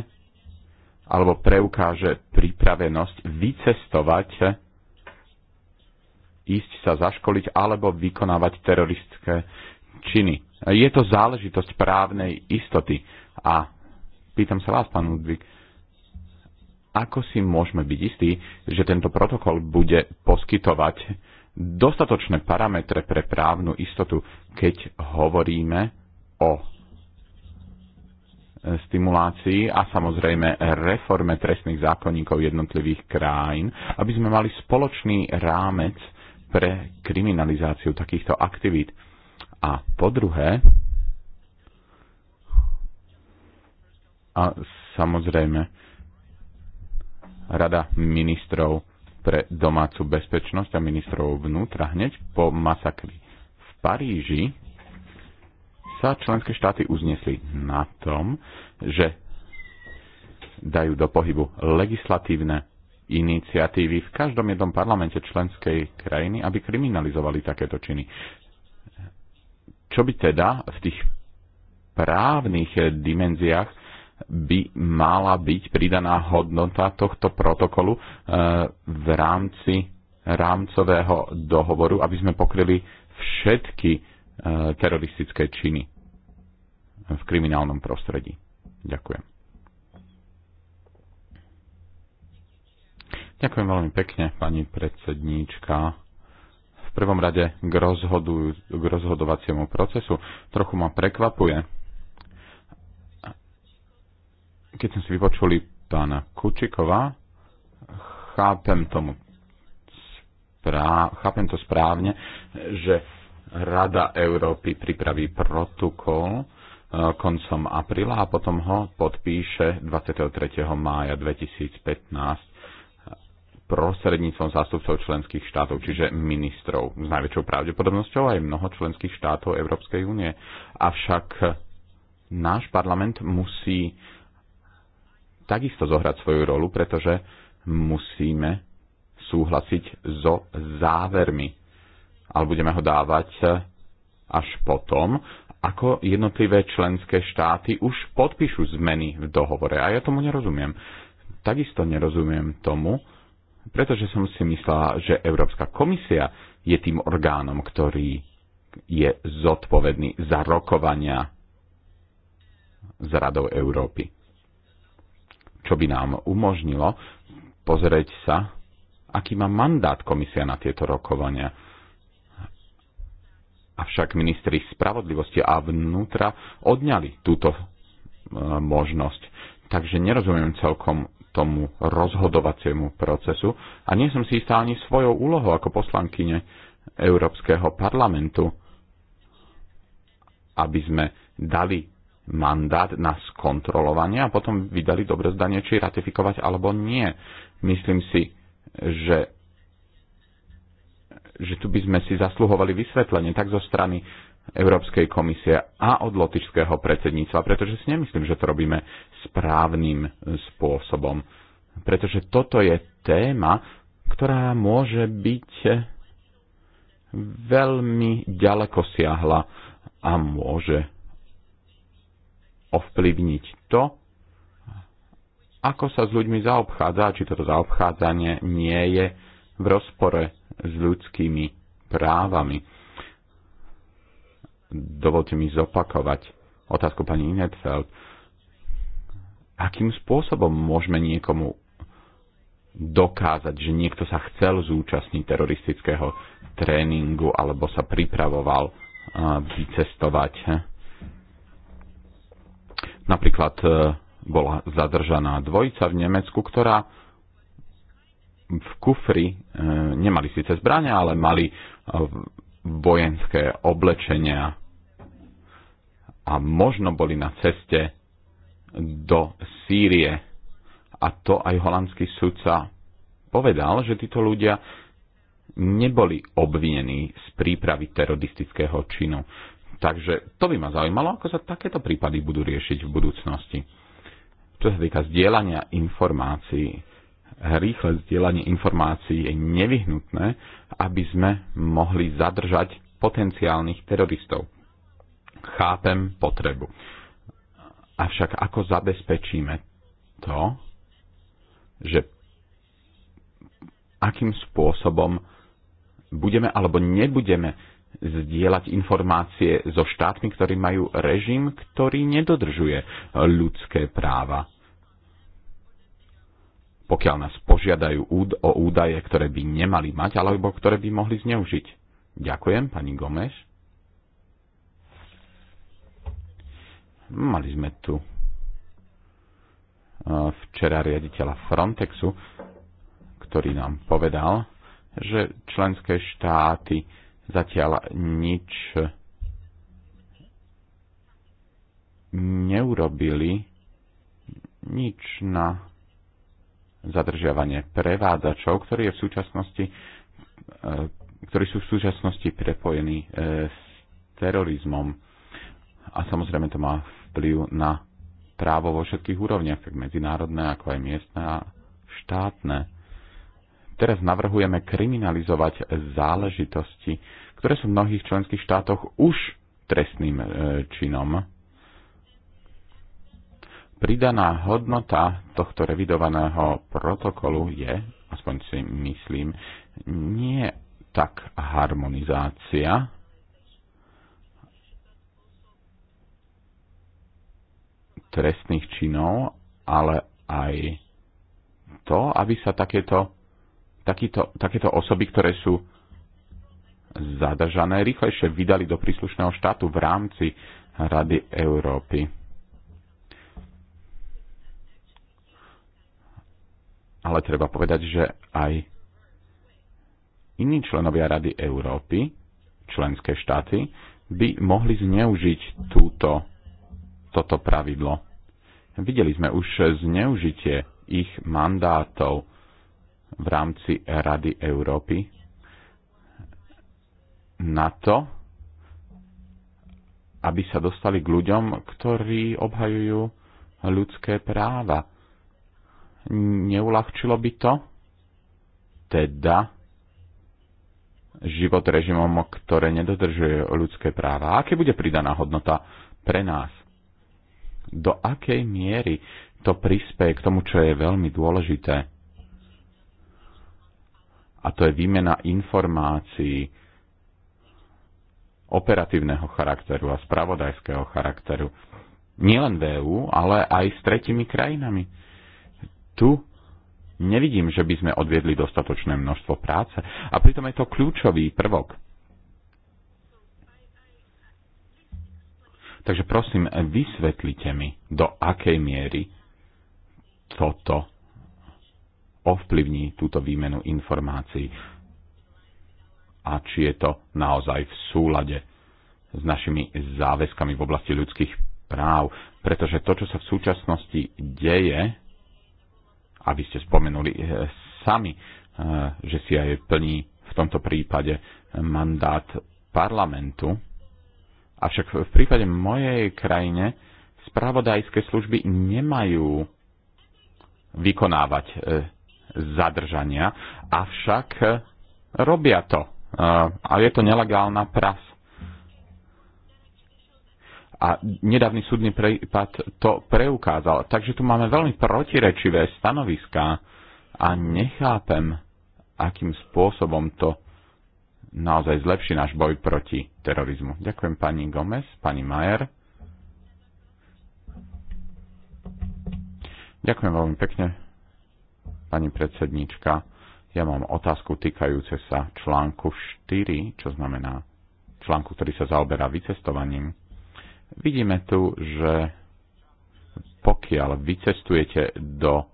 alebo preukáže pripravenosť vycestovať ísť sa zaškoliť alebo vykonávať teroristické činy. Je to záležitosť právnej istoty. A pýtam sa vás, pán Ludvík, ako si môžeme byť istí, že tento protokol bude poskytovať dostatočné parametre pre právnu istotu, keď hovoríme o stimulácii a samozrejme reforme trestných zákonníkov jednotlivých krajín, aby sme mali spoločný rámec pre kriminalizáciu takýchto aktivít. A po druhé, a samozrejme Rada ministrov pre domácu bezpečnosť a ministrov vnútra hneď po masakri v Paríži sa členské štáty uznesli na tom, že dajú do pohybu legislatívne iniciatívy v každom jednom parlamente členskej krajiny, aby kriminalizovali takéto činy. Čo by teda v tých právnych dimenziách by mala byť pridaná hodnota tohto protokolu eh, v rámci rámcového dohovoru, aby sme pokryli všetky eh, teroristické činy v kriminálnom prostredí. Ďakujem. Ďakujem veľmi pekne, pani predsedníčka. V prvom rade k, k rozhodovaciemu procesu. Trochu ma prekvapuje, keď som si vypočuli pána Kučikova, chápem tomu sprá- chápem to správne, že Rada Európy pripraví protokol e, koncom apríla a potom ho podpíše 23. mája 2015 prostredníctvom zástupcov členských štátov, čiže ministrov. S najväčšou pravdepodobnosťou aj mnoho členských štátov Európskej únie. Avšak náš parlament musí takisto zohrať svoju rolu, pretože musíme súhlasiť so závermi. Ale budeme ho dávať až potom, ako jednotlivé členské štáty už podpíšu zmeny v dohovore. A ja tomu nerozumiem. Takisto nerozumiem tomu, pretože som si myslela, že Európska komisia je tým orgánom, ktorý je zodpovedný za rokovania s Radou Európy. Čo by nám umožnilo pozrieť sa, aký má mandát komisia na tieto rokovania. Avšak ministri spravodlivosti a vnútra odňali túto e, možnosť. Takže nerozumiem celkom tomu rozhodovaciemu procesu a nie som si istá ani svojou úlohou ako poslankyne Európskeho parlamentu, aby sme dali mandát na skontrolovanie a potom vydali dobre zdanie, či ratifikovať alebo nie. Myslím si, že že tu by sme si zasluhovali vysvetlenie tak zo strany Európskej komisie a od lotičského predsedníctva, pretože si nemyslím, že to robíme správnym spôsobom. Pretože toto je téma, ktorá môže byť veľmi ďaleko siahla a môže ovplyvniť to, ako sa s ľuďmi zaobchádza, či toto zaobchádzanie nie je v rozpore s ľudskými právami dovolte mi zopakovať otázku pani Inetfeld. Akým spôsobom môžeme niekomu dokázať, že niekto sa chcel zúčastniť teroristického tréningu alebo sa pripravoval eh, vycestovať? Eh? Napríklad eh, bola zadržaná dvojica v Nemecku, ktorá v kufri nemali síce zbrania, ale mali vojenské oblečenia a možno boli na ceste do Sýrie. A to aj holandský sudca povedal, že títo ľudia neboli obvinení z prípravy teroristického činu. Takže to by ma zaujímalo, ako sa takéto prípady budú riešiť v budúcnosti. Čo sa týka zdieľania informácií, rýchle zdieľanie informácií je nevyhnutné, aby sme mohli zadržať potenciálnych teroristov. Chápem potrebu. Avšak ako zabezpečíme to, že akým spôsobom budeme alebo nebudeme zdieľať informácie so štátmi, ktorí majú režim, ktorý nedodržuje ľudské práva pokiaľ nás požiadajú o údaje, ktoré by nemali mať, alebo ktoré by mohli zneužiť. Ďakujem, pani Gomeš. Mali sme tu e, včera riaditeľa Frontexu, ktorý nám povedal, že členské štáty zatiaľ nič neurobili, nič na zadržiavanie prevádzačov, ktorí, je v súčasnosti, e, ktorí sú v súčasnosti prepojení e, s terorizmom. A samozrejme to má vplyv na právo vo všetkých úrovniach, tak medzinárodné, ako aj miestne a štátne. Teraz navrhujeme kriminalizovať záležitosti, ktoré sú v mnohých členských štátoch už trestným e, činom Pridaná hodnota tohto revidovaného protokolu je, aspoň si myslím, nie tak harmonizácia, trestných činov, ale aj to, aby sa takéto, takýto, takéto osoby, ktoré sú zadržané, rýchlejšie vydali do príslušného štátu v rámci Rady Európy. ale treba povedať, že aj iní členovia Rady Európy, členské štáty, by mohli zneužiť túto, toto pravidlo. Videli sme už zneužitie ich mandátov v rámci Rady Európy na to, aby sa dostali k ľuďom, ktorí obhajujú ľudské práva Neulahčilo by to teda život režimom, ktoré nedodržuje ľudské práva? a Aké bude pridaná hodnota pre nás? Do akej miery to prispieje k tomu, čo je veľmi dôležité? A to je výmena informácií operatívneho charakteru a spravodajského charakteru. Nielen v e ale aj s tretimi krajinami tu nevidím, že by sme odviedli dostatočné množstvo práce a pritom je to kľúčový prvok. Takže prosím, vysvetlite mi, do akej miery toto ovplyvní túto výmenu informácií a či je to naozaj v súlade s našimi záväzkami v oblasti ľudských práv. Pretože to, čo sa v súčasnosti deje, a vy ste spomenuli eh, sami, eh, že si aj plní v tomto prípade mandát parlamentu. Avšak v prípade mojej krajine spravodajské služby nemajú vykonávať eh, zadržania, avšak robia to. A je to nelegálna prax. A nedávny súdny prípad to preukázal. Takže tu máme veľmi protirečivé stanoviská a nechápem, akým spôsobom to naozaj zlepší náš boj proti terorizmu. Ďakujem pani Gomez, pani Majer. Ďakujem veľmi pekne, pani predsednička. Ja mám otázku týkajúce sa článku 4, čo znamená článku, ktorý sa zaoberá vycestovaním Vidíme tu, že pokiaľ vycestujete do e,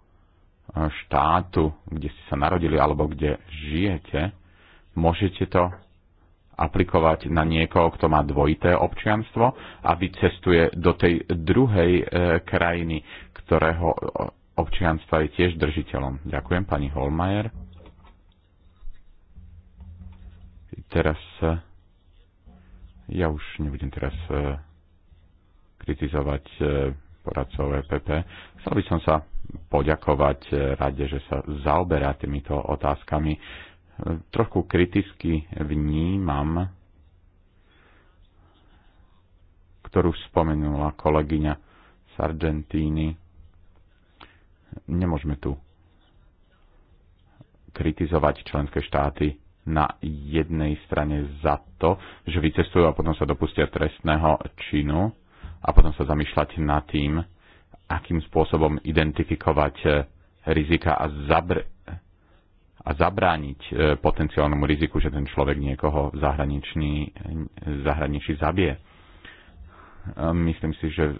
štátu, kde ste sa narodili alebo kde žijete, môžete to aplikovať na niekoho, kto má dvojité občianstvo a vycestuje do tej druhej e, krajiny, ktorého e, občianstva je tiež držiteľom. Ďakujem pani Holmajer. Teraz e, ja už nebudem teraz kritizovať e, poradcov EPP. Chcel by som sa poďakovať e, rade, že sa zaoberá týmito otázkami. E, Trochu kriticky vnímam, ktorú spomenula kolegyňa Sargentini. Nemôžeme tu kritizovať členské štáty na jednej strane za to, že vycestujú a potom sa dopustia trestného činu, a potom sa zamýšľať nad tým, akým spôsobom identifikovať e, rizika a, zabr- a zabrániť e, potenciálnemu riziku, že ten človek niekoho v e, zahraničí zabije. Myslím si, že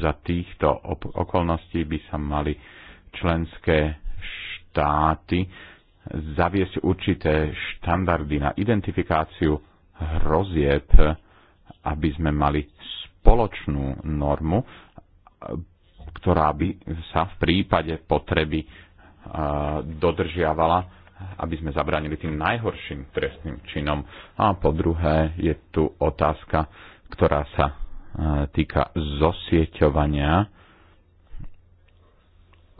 za týchto okolností by sa mali členské štáty zaviesť určité štandardy na identifikáciu hrozieb, aby sme mali spoločnú normu, ktorá by sa v prípade potreby dodržiavala, aby sme zabránili tým najhorším trestným činom. A po druhé je tu otázka, ktorá sa týka zosieťovania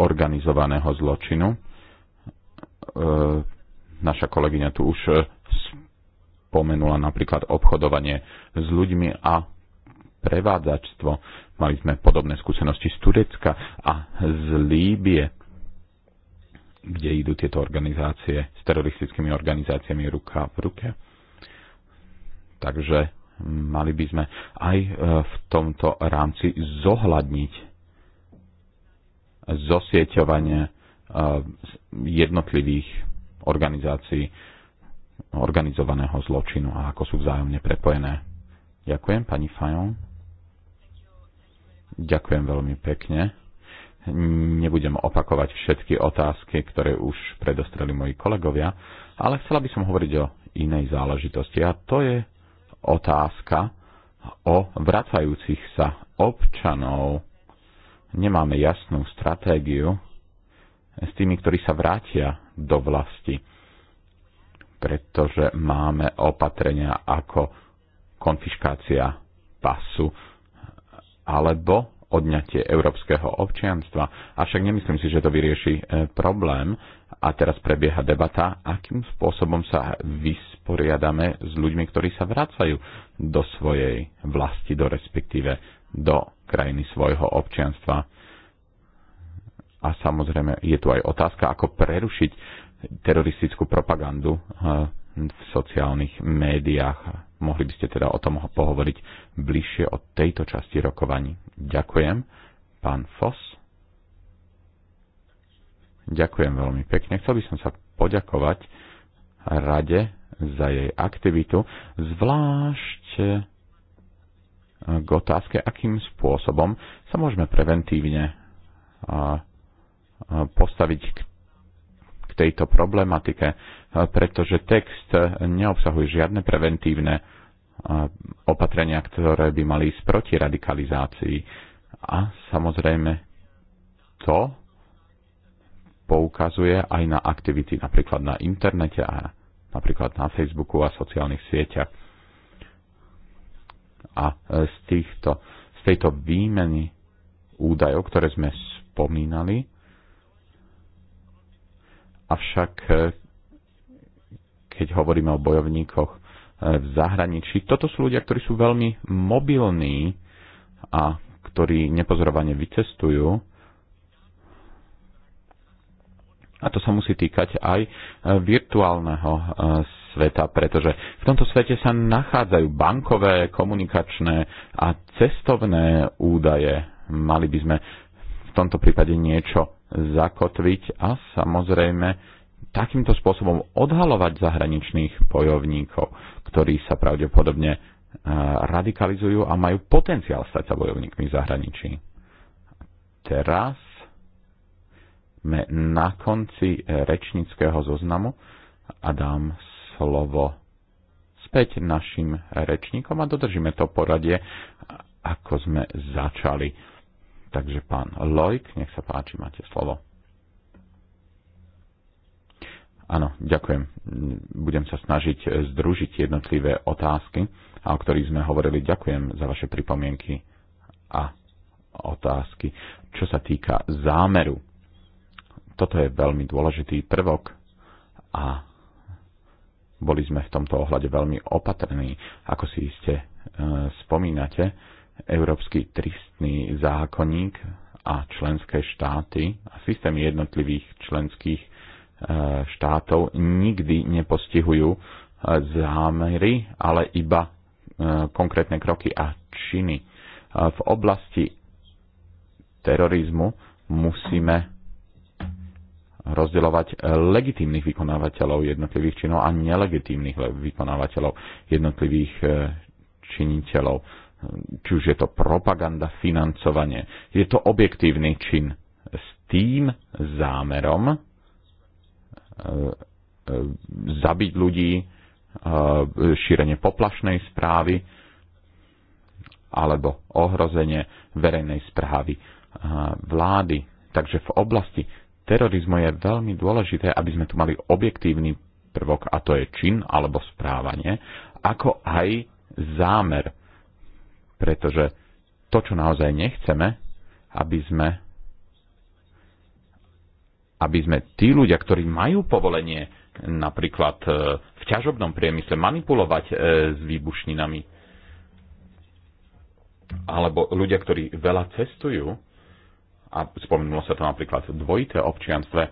organizovaného zločinu. Naša kolegyňa tu už e, spomenula napríklad obchodovanie s ľuďmi a prevádzačstvo. Mali sme podobné skúsenosti z Turecka a z Líbie, kde idú tieto organizácie s teroristickými organizáciami ruka v ruke. Takže mali by sme aj e, v tomto rámci zohľadniť zosieťovanie e, jednotlivých organizácií organizovaného zločinu a ako sú vzájomne prepojené. Ďakujem, pani Fajon. Ďakujem veľmi pekne. Nebudem opakovať všetky otázky, ktoré už predostreli moji kolegovia, ale chcela by som hovoriť o inej záležitosti a to je otázka o vracajúcich sa občanov. Nemáme jasnú stratégiu s tými, ktorí sa vrátia do vlasti, pretože máme opatrenia ako konfiškácia pasu, alebo odňatie európskeho občianstva. Avšak nemyslím si, že to vyrieši e, problém a teraz prebieha debata, akým spôsobom sa vysporiadame s ľuďmi, ktorí sa vracajú do svojej vlasti, do respektíve do krajiny svojho občianstva. A samozrejme je tu aj otázka, ako prerušiť teroristickú propagandu e, v sociálnych médiách Mohli by ste teda o tom pohovoriť bližšie o tejto časti rokovaní. Ďakujem. Pán fos. Ďakujem veľmi pekne. Chcel by som sa poďakovať rade za jej aktivitu, zvlášť e, k otázke, akým spôsobom sa môžeme preventívne postaviť k tejto problematike, e, pretože text neobsahuje žiadne preventívne e, opatrenia, ktoré by mali ísť proti radikalizácii. A samozrejme to poukazuje aj na aktivity napríklad na internete a napríklad na Facebooku a sociálnych sieťach. A e, z, týchto, z tejto výmeny údajov, ktoré sme spomínali, Avšak e, keď hovoríme o bojovníkoch e, v zahraničí, toto sú ľudia, ktorí sú veľmi mobilní a ktorí nepozorovane vycestujú. A to sa musí týkať aj e, virtuálneho sveta, pretože v tomto svete sa nachádzajú bankové, komunikačné a cestovné údaje. Mali by sme v tomto prípade niečo zakotviť a samozrejme takýmto spôsobom odhalovať zahraničných bojovníkov, ktorí sa pravdepodobne eh, radikalizujú a majú potenciál stať sa bojovníkmi v zahraničí. Teraz sme na konci eh, rečníckého zoznamu a dám slovo späť našim rečníkom a dodržíme to poradie, ako sme začali Takže pán Lojk, nech sa páči, máte slovo. Áno, ďakujem. Budem sa snažiť združiť jednotlivé otázky, o ktorých sme hovorili. Ďakujem za vaše pripomienky a otázky. Čo sa týka zámeru, toto je veľmi dôležitý prvok a boli sme v tomto ohľade veľmi opatrní, ako si iste e, spomínate Európsky tristný zákonník a členské štáty a systémy jednotlivých členských e, štátov nikdy nepostihujú e, zámery, ale iba e, konkrétne kroky a činy. V oblasti terorizmu musíme rozdeľovať legitímnych vykonávateľov jednotlivých činov a nelegitímnych vykonávateľov jednotlivých činiteľov či už je to propaganda, financovanie. Je to objektívny čin s tým zámerom e, e, zabiť ľudí, e, šírenie poplašnej správy alebo ohrozenie verejnej správy vlády. Takže v oblasti terorizmu je veľmi dôležité, aby sme tu mali objektívny prvok, a to je čin alebo správanie, ako aj zámer pretože to, čo naozaj nechceme, aby sme aby sme tí ľudia, ktorí majú povolenie napríklad e, v ťažobnom priemysle manipulovať e, s výbušninami, alebo ľudia, ktorí veľa cestujú, a spomenulo sa to napríklad v dvojité občianstve,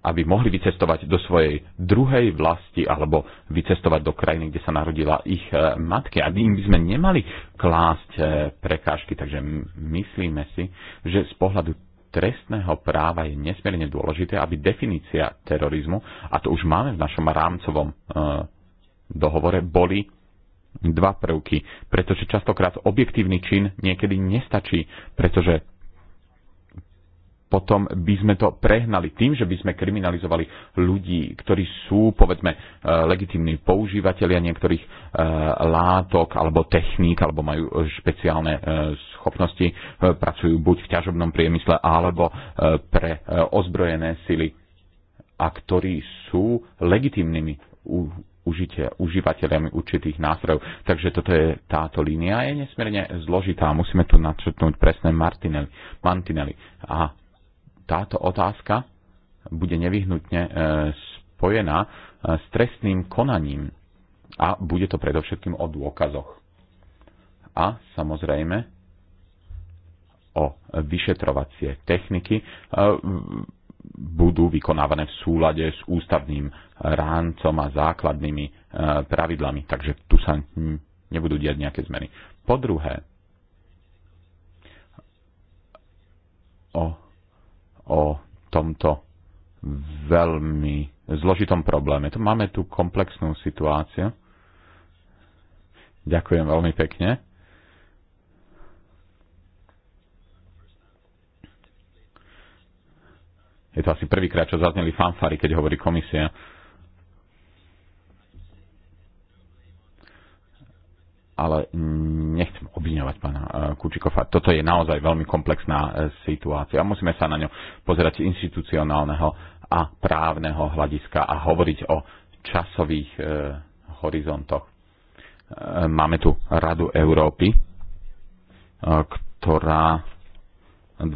aby mohli vycestovať do svojej druhej vlasti alebo vycestovať do krajiny, kde sa narodila ich e, matka. Aby im by sme nemali klásť e, prekážky, takže myslíme si, že z pohľadu trestného práva je nesmierne dôležité, aby definícia terorizmu, a to už máme v našom rámcovom e, dohovore, boli dva prvky, pretože častokrát objektívny čin niekedy nestačí, pretože potom by sme to prehnali tým, že by sme kriminalizovali ľudí, ktorí sú, povedzme, eh, legitimní používateľia niektorých eh, látok alebo techník, alebo majú špeciálne eh, schopnosti, pracujú buď v ťažobnom priemysle alebo pre ozbrojené sily a ktorí sú legitimnými užite, užívateľami určitých nástrojov. Takže toto je táto línia je nesmierne zložitá. Musíme tu nadšetnúť presné Martinelli, Mantinelli A táto otázka bude nevyhnutne e, spojená e, s trestným konaním a bude to predovšetkým o dôkazoch. A samozrejme o vyšetrovacie techniky e, budú vykonávané v súlade s ústavným rámcom a základnými pravidlami. Takže tu sa nebudú diať nejaké zmeny. Po druhé, o o tomto veľmi zložitom probléme. Tu máme tu komplexnú situáciu. Ďakujem veľmi pekne. Je to asi prvýkrát, čo zazneli fanfary, keď hovorí komisia. ale nechcem obviňovať pána eh, Kučikova. Toto je naozaj veľmi komplexná eh, situácia. Musíme sa na ňu pozerať z inštitucionálneho a právneho hľadiska a hovoriť o časových eh, horizontoch. Máme tu Radu Európy, ktorá 21.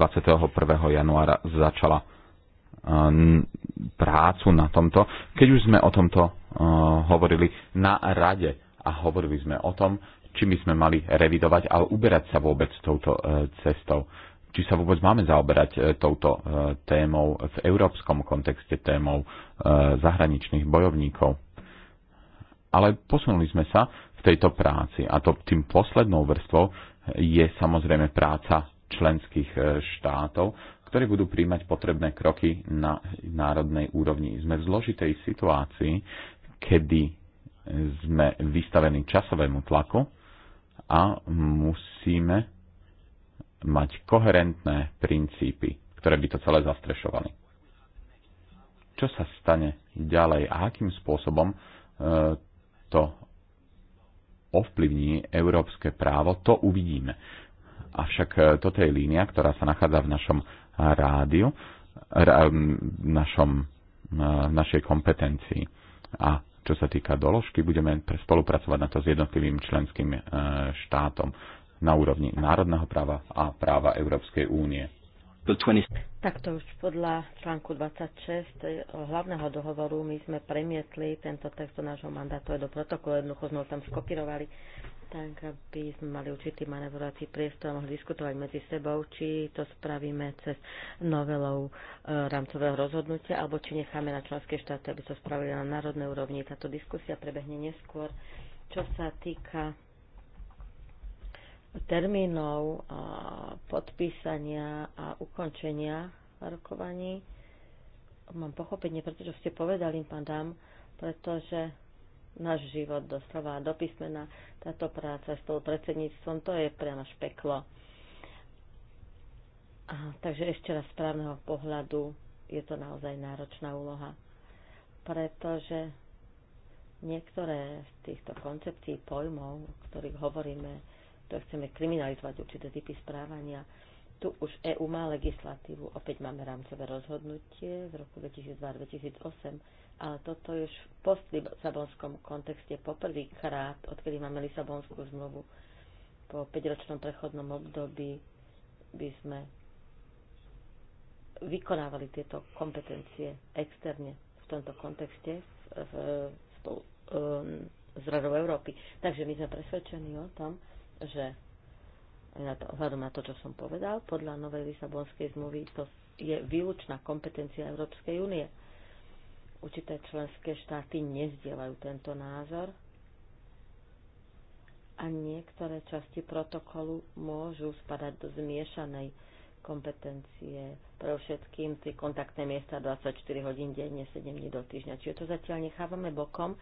januára začala prácu na tomto. Keď už sme o tomto hovorili na rade a hovorili sme o tom, či by sme mali revidovať a uberať sa vôbec touto e, cestou. Či sa vôbec máme zaoberať e, touto e, témou v európskom kontexte, témou zahraničných bojovníkov. Ale posunuli sme sa v tejto práci a to tým poslednou vrstvou je samozrejme práca členských štátov, ktorí budú príjmať potrebné kroky na národnej úrovni. Sme v zložitej situácii, kedy sme vystavení časovému tlaku a musíme mať koherentné princípy, ktoré by to celé zastrešovali. Čo sa stane ďalej a akým spôsobom e, to ovplyvní európske právo, to uvidíme. Avšak e, toto je línia, ktorá sa nachádza v našom rádiu, v našom, v e, našej kompetencii. A čo sa týka doložky, budeme spolupracovať na to s jednotlivým členským e, štátom na úrovni národného práva a práva Európskej únie. Takto už podľa článku 26 e, hlavného dohovoru my sme premietli tento text do nášho mandátu aj do protokolu, jednoducho sme ho tam skopirovali tak aby sme mali určitý manevrovací priestor a mohli diskutovať medzi sebou, či to spravíme cez novelou e, rámcového rozhodnutia, alebo či necháme na členské štáty, aby to spravili na národnej úrovni. Táto diskusia prebehne neskôr. Čo sa týka termínov a podpísania a ukončenia rokovaní, mám pochopenie, pretože ste povedali, pán Dám, pretože náš život doslova do písmena. Táto práca s tou predsedníctvom, to je náš špeklo. A, takže ešte raz správneho pohľadu je to naozaj náročná úloha, pretože niektoré z týchto koncepcií pojmov, o ktorých hovoríme, to chceme kriminalizovať určité typy správania, tu už EU má legislatívu. Opäť máme rámcové rozhodnutie z roku 2002-2008 ale toto je už v post-Lisabonskom kontexte poprvýkrát, odkedy máme Lisabonskú zmluvu. Po 5-ročnom prechodnom období by sme vykonávali tieto kompetencie externe v tomto kontexte v, spolu, z um, Radou Európy. Takže my sme presvedčení o tom, že na to, vzhľadom na to, čo som povedal, podľa novej Lisabonskej zmluvy to je výlučná kompetencia Európskej únie Určité členské štáty nezdielajú tento názor a niektoré časti protokolu môžu spadať do zmiešanej kompetencie pre všetkým tie kontaktné miesta 24 hodín denne, 7 dní do týždňa. Čiže to zatiaľ nechávame bokom.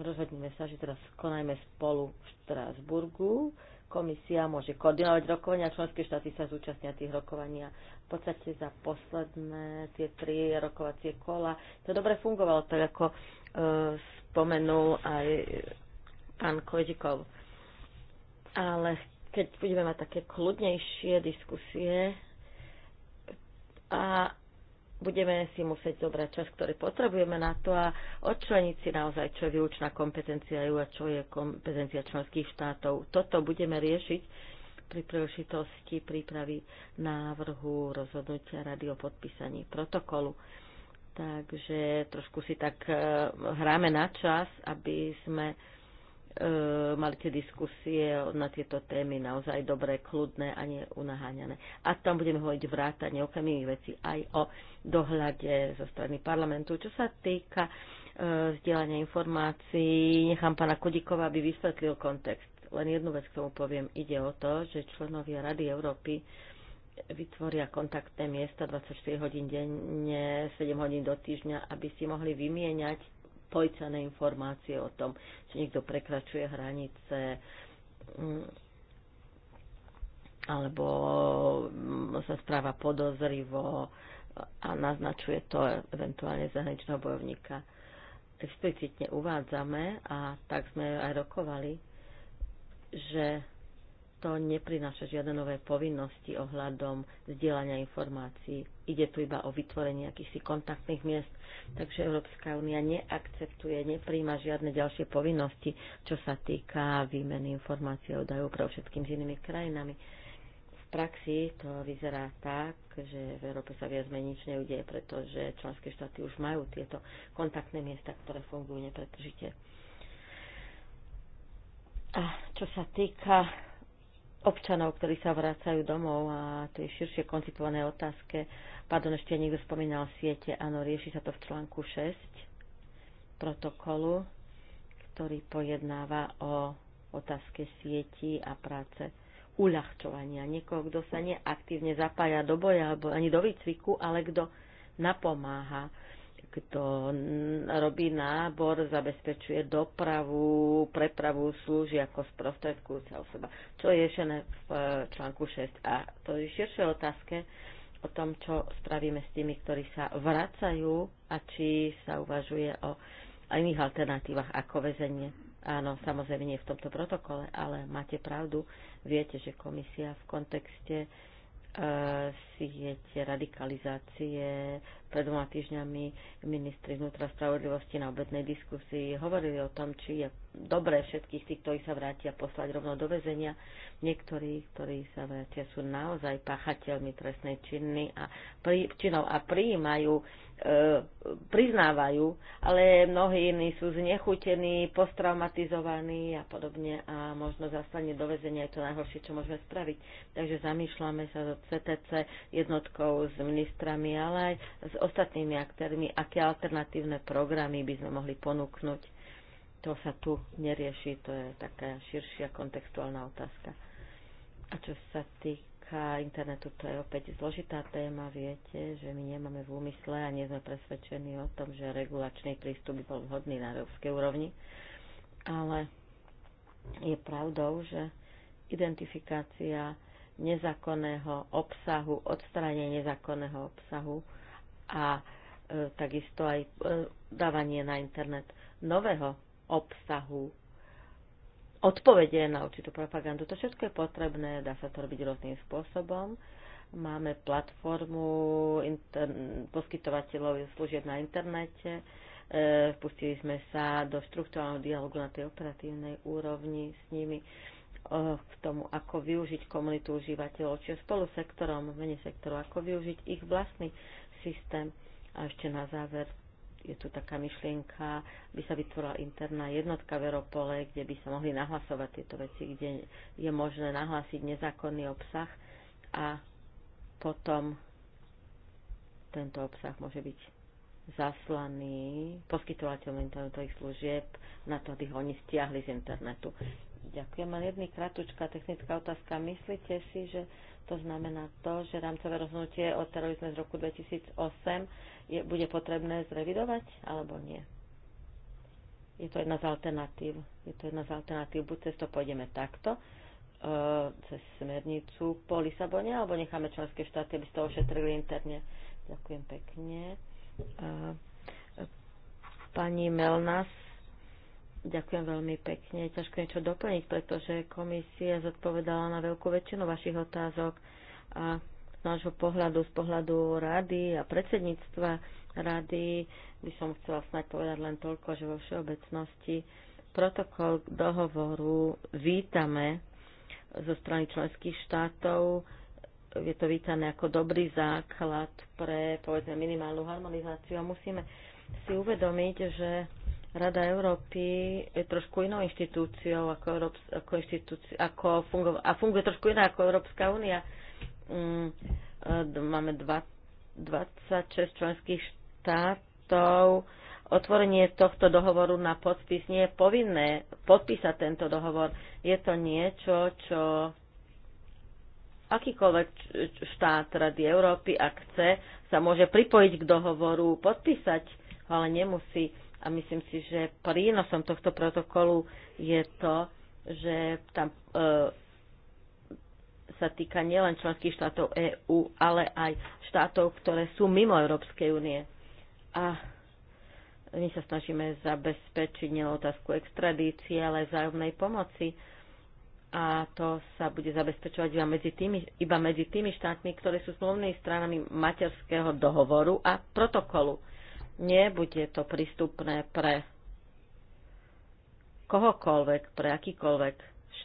Rozhodneme sa, že teraz konajme spolu v Strasburgu. Komisia môže koordinovať rokovania, členské štáty sa zúčastnia tých rokovania. V podstate za posledné tie tri rokovacie kola to dobre fungovalo, tak ako e, spomenul aj pán Kožikov. Ale keď budeme mať také kľudnejšie diskusie a budeme si musieť zobrať čas, ktorý potrebujeme na to a odčleniť si naozaj, čo je výučná kompetencia EU a čo je kompetencia členských štátov. Toto budeme riešiť pri príležitosti prípravy návrhu rozhodnutia rady o podpísaní protokolu. Takže trošku si tak eh, hráme na čas, aby sme E, mali tie diskusie na tieto témy naozaj dobré, kľudné a neunaháňané. A tam budeme hovoriť vrátanie okamžitých vecí aj o dohľade zo strany parlamentu. Čo sa týka e, vzdielania informácií, nechám pána Kodikova, aby vysvetlil kontext. Len jednu vec k tomu poviem. Ide o to, že členovia Rady Európy vytvoria kontaktné miesta 24 hodín denne, 7 hodín do týždňa, aby si mohli vymieňať pojčané informácie o tom, či niekto prekračuje hranice mm, alebo mm, sa správa podozrivo a naznačuje to eventuálne zahraničného bojovníka. Explicitne uvádzame a tak sme aj rokovali, že to neprináša žiadne nové povinnosti ohľadom vzdielania informácií. Ide tu iba o vytvorenie akýchsi kontaktných miest, takže Európska únia neakceptuje, nepríjma žiadne ďalšie povinnosti, čo sa týka výmeny informácií o údajov pre všetkým s inými krajinami. V praxi to vyzerá tak, že v Európe sa viac menej nič neudeje, pretože členské štáty už majú tieto kontaktné miesta, ktoré fungujú nepretržite. A čo sa týka občanov, ktorí sa vracajú domov a tie širšie koncipované otázke. Pardon, ešte niekto spomínal siete. Áno, rieši sa to v článku 6 protokolu, ktorý pojednáva o otázke sieti a práce uľahčovania. Niekoho, kto sa neaktívne zapája do boja alebo ani do výcviku, ale kto napomáha kto robí nábor, zabezpečuje dopravu, prepravu slúži ako sprostredkujúca osoba, čo je riešené v eh, článku 6. A to je širšie otázke o tom, čo spravíme s tými, ktorí sa vracajú a či sa uvažuje o iných alternatívach ako väzenie. Áno, samozrejme nie v tomto protokole, ale máte pravdu. Viete, že komisia v kontexte siete radikalizácie. Pred dvoma týždňami ministri vnútra spravodlivosti na obednej diskusii hovorili o tom, či je dobré všetkých tých, ktorí sa vrátia, poslať rovno do väzenia. Niektorí, ktorí sa vrátia, sú naozaj páchateľmi trestnej činy a prí, činov a prijímajú E, priznávajú, ale mnohí iní sú znechutení, postraumatizovaní a podobne a možno zastane do vezenia je to najhoršie, čo môžeme spraviť. Takže zamýšľame sa so CTC jednotkou s ministrami, ale aj s ostatnými aktérmi, aké alternatívne programy by sme mohli ponúknuť. To sa tu nerieši, to je taká širšia kontextuálna otázka. A čo sa týka týka internetu, to je opäť zložitá téma. Viete, že my nemáme v úmysle a nie sme presvedčení o tom, že regulačný prístup by bol vhodný na európskej úrovni. Ale je pravdou, že identifikácia nezákonného obsahu, odstranie nezákonného obsahu a e, takisto aj e, dávanie na internet nového obsahu odpovede na určitú propagandu. To všetko je potrebné, dá sa to robiť rôznym spôsobom. Máme platformu poskytovateľov služieb na internete, vpustili e, sme sa do štruktúrneho dialogu na tej operatívnej úrovni s nimi e, k tomu, ako využiť komunitu užívateľov, čiže spolu sektorom, menej sektorov, ako využiť ich vlastný systém. A ešte na záver je tu taká myšlienka, by sa vytvorila interná jednotka v Europole, kde by sa mohli nahlasovať tieto veci, kde je možné nahlásiť nezákonný obsah a potom tento obsah môže byť zaslaný poskytovateľom internetových služieb na to, aby ho oni stiahli z internetu. Ďakujem. Mám jedný kratučká technická otázka. Myslíte si, že to znamená to, že rámcové rozhodnutie o terorizme z roku 2008 je, bude potrebné zrevidovať, alebo nie? Je to jedna z alternatív. Je to jedna z alternatív. Buď cez to pôjdeme takto, e, cez smernicu po Lisabone, alebo necháme členské štáty, aby ste ošetrili interne. Ďakujem pekne. E, pani Melnas Ďakujem veľmi pekne. Ťažko niečo doplniť, pretože komisia zodpovedala na veľkú väčšinu vašich otázok a z nášho pohľadu, z pohľadu rady a predsedníctva rady by som chcela snať povedať len toľko, že vo všeobecnosti protokol k dohovoru vítame zo strany členských štátov. Je to vítané ako dobrý základ pre povedzme minimálnu harmonizáciu a musíme si uvedomiť, že Rada Európy je trošku inou inštitúciou ako, Európs, ako, inštitúci, ako fungo, a funguje trošku iná ako Európska únia. Mm, e, máme dva, 26 členských štátov. Otvorenie tohto dohovoru na podpis nie je povinné podpísať tento dohovor. Je to niečo, čo akýkoľvek štát Rady Európy, ak chce, sa môže pripojiť k dohovoru, podpísať, ale nemusí a myslím si, že prínosom tohto protokolu je to, že tam e, sa týka nielen členských štátov EÚ, ale aj štátov, ktoré sú mimo Európskej únie. A my sa snažíme zabezpečiť nielen otázku extradície, ale aj vzájomnej pomoci. A to sa bude zabezpečovať iba medzi, tými, iba medzi tými štátmi, ktoré sú zmluvnými stranami materského dohovoru a protokolu nebude to prístupné pre kohokoľvek, pre akýkoľvek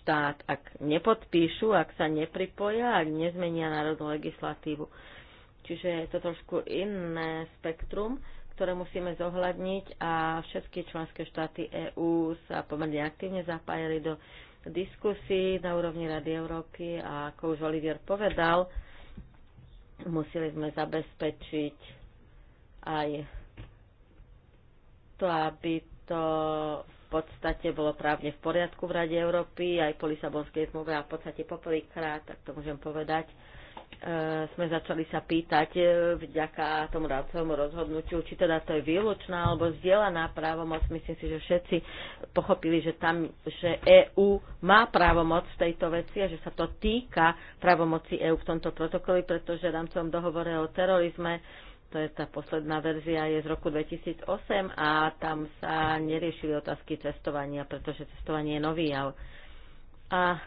štát, ak nepodpíšu, ak sa nepripoja, ak nezmenia národnú legislatívu. Čiže je to trošku iné spektrum, ktoré musíme zohľadniť a všetky členské štáty EÚ sa pomerne aktívne zapájali do diskusí na úrovni Rady Európy a ako už Olivier povedal, museli sme zabezpečiť aj to, aby to v podstate bolo právne v poriadku v Rade Európy, aj po Lisabonskej zmluve a v podstate poprvýkrát, tak to môžem povedať, e, sme začali sa pýtať e, vďaka tomu rádcovému rozhodnutiu, či teda to je výlučná alebo zdieľaná právomoc. Myslím si, že všetci pochopili, že tam, že EÚ má právomoc v tejto veci a že sa to týka právomoci EÚ v tomto protokoli, pretože rámcovom dohovore o terorizme to je tá posledná verzia, je z roku 2008 a tam sa neriešili otázky cestovania, pretože cestovanie je nový jav. A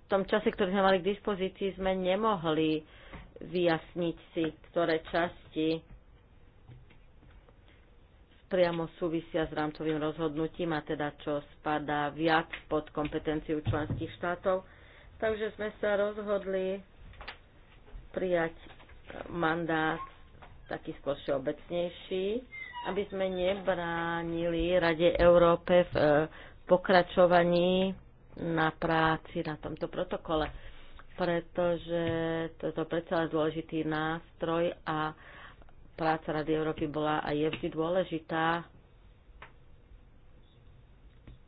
v tom čase, ktorý sme mali k dispozícii, sme nemohli vyjasniť si, ktoré časti priamo súvisia s rámcovým rozhodnutím a teda čo spadá viac pod kompetenciu členských štátov. Takže sme sa rozhodli prijať mandát taký skôr všeobecnejší, aby sme nebránili Rade Európe v e, pokračovaní na práci na tomto protokole, pretože toto predsa je dôležitý nástroj a práca Rady Európy bola a je vždy dôležitá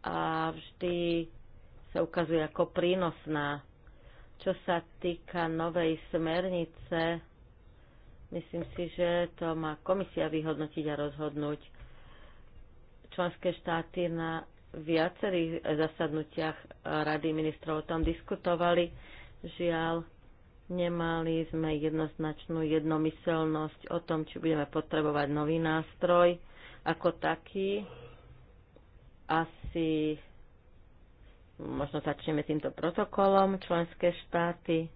a vždy sa ukazuje ako prínosná čo sa týka novej smernice, myslím si, že to má komisia vyhodnotiť a rozhodnúť. Členské štáty na viacerých zasadnutiach Rady ministrov o tom diskutovali. Žiaľ, nemali sme jednoznačnú jednomyselnosť o tom, či budeme potrebovať nový nástroj ako taký. Asi Možno začneme týmto protokolom členské štáty.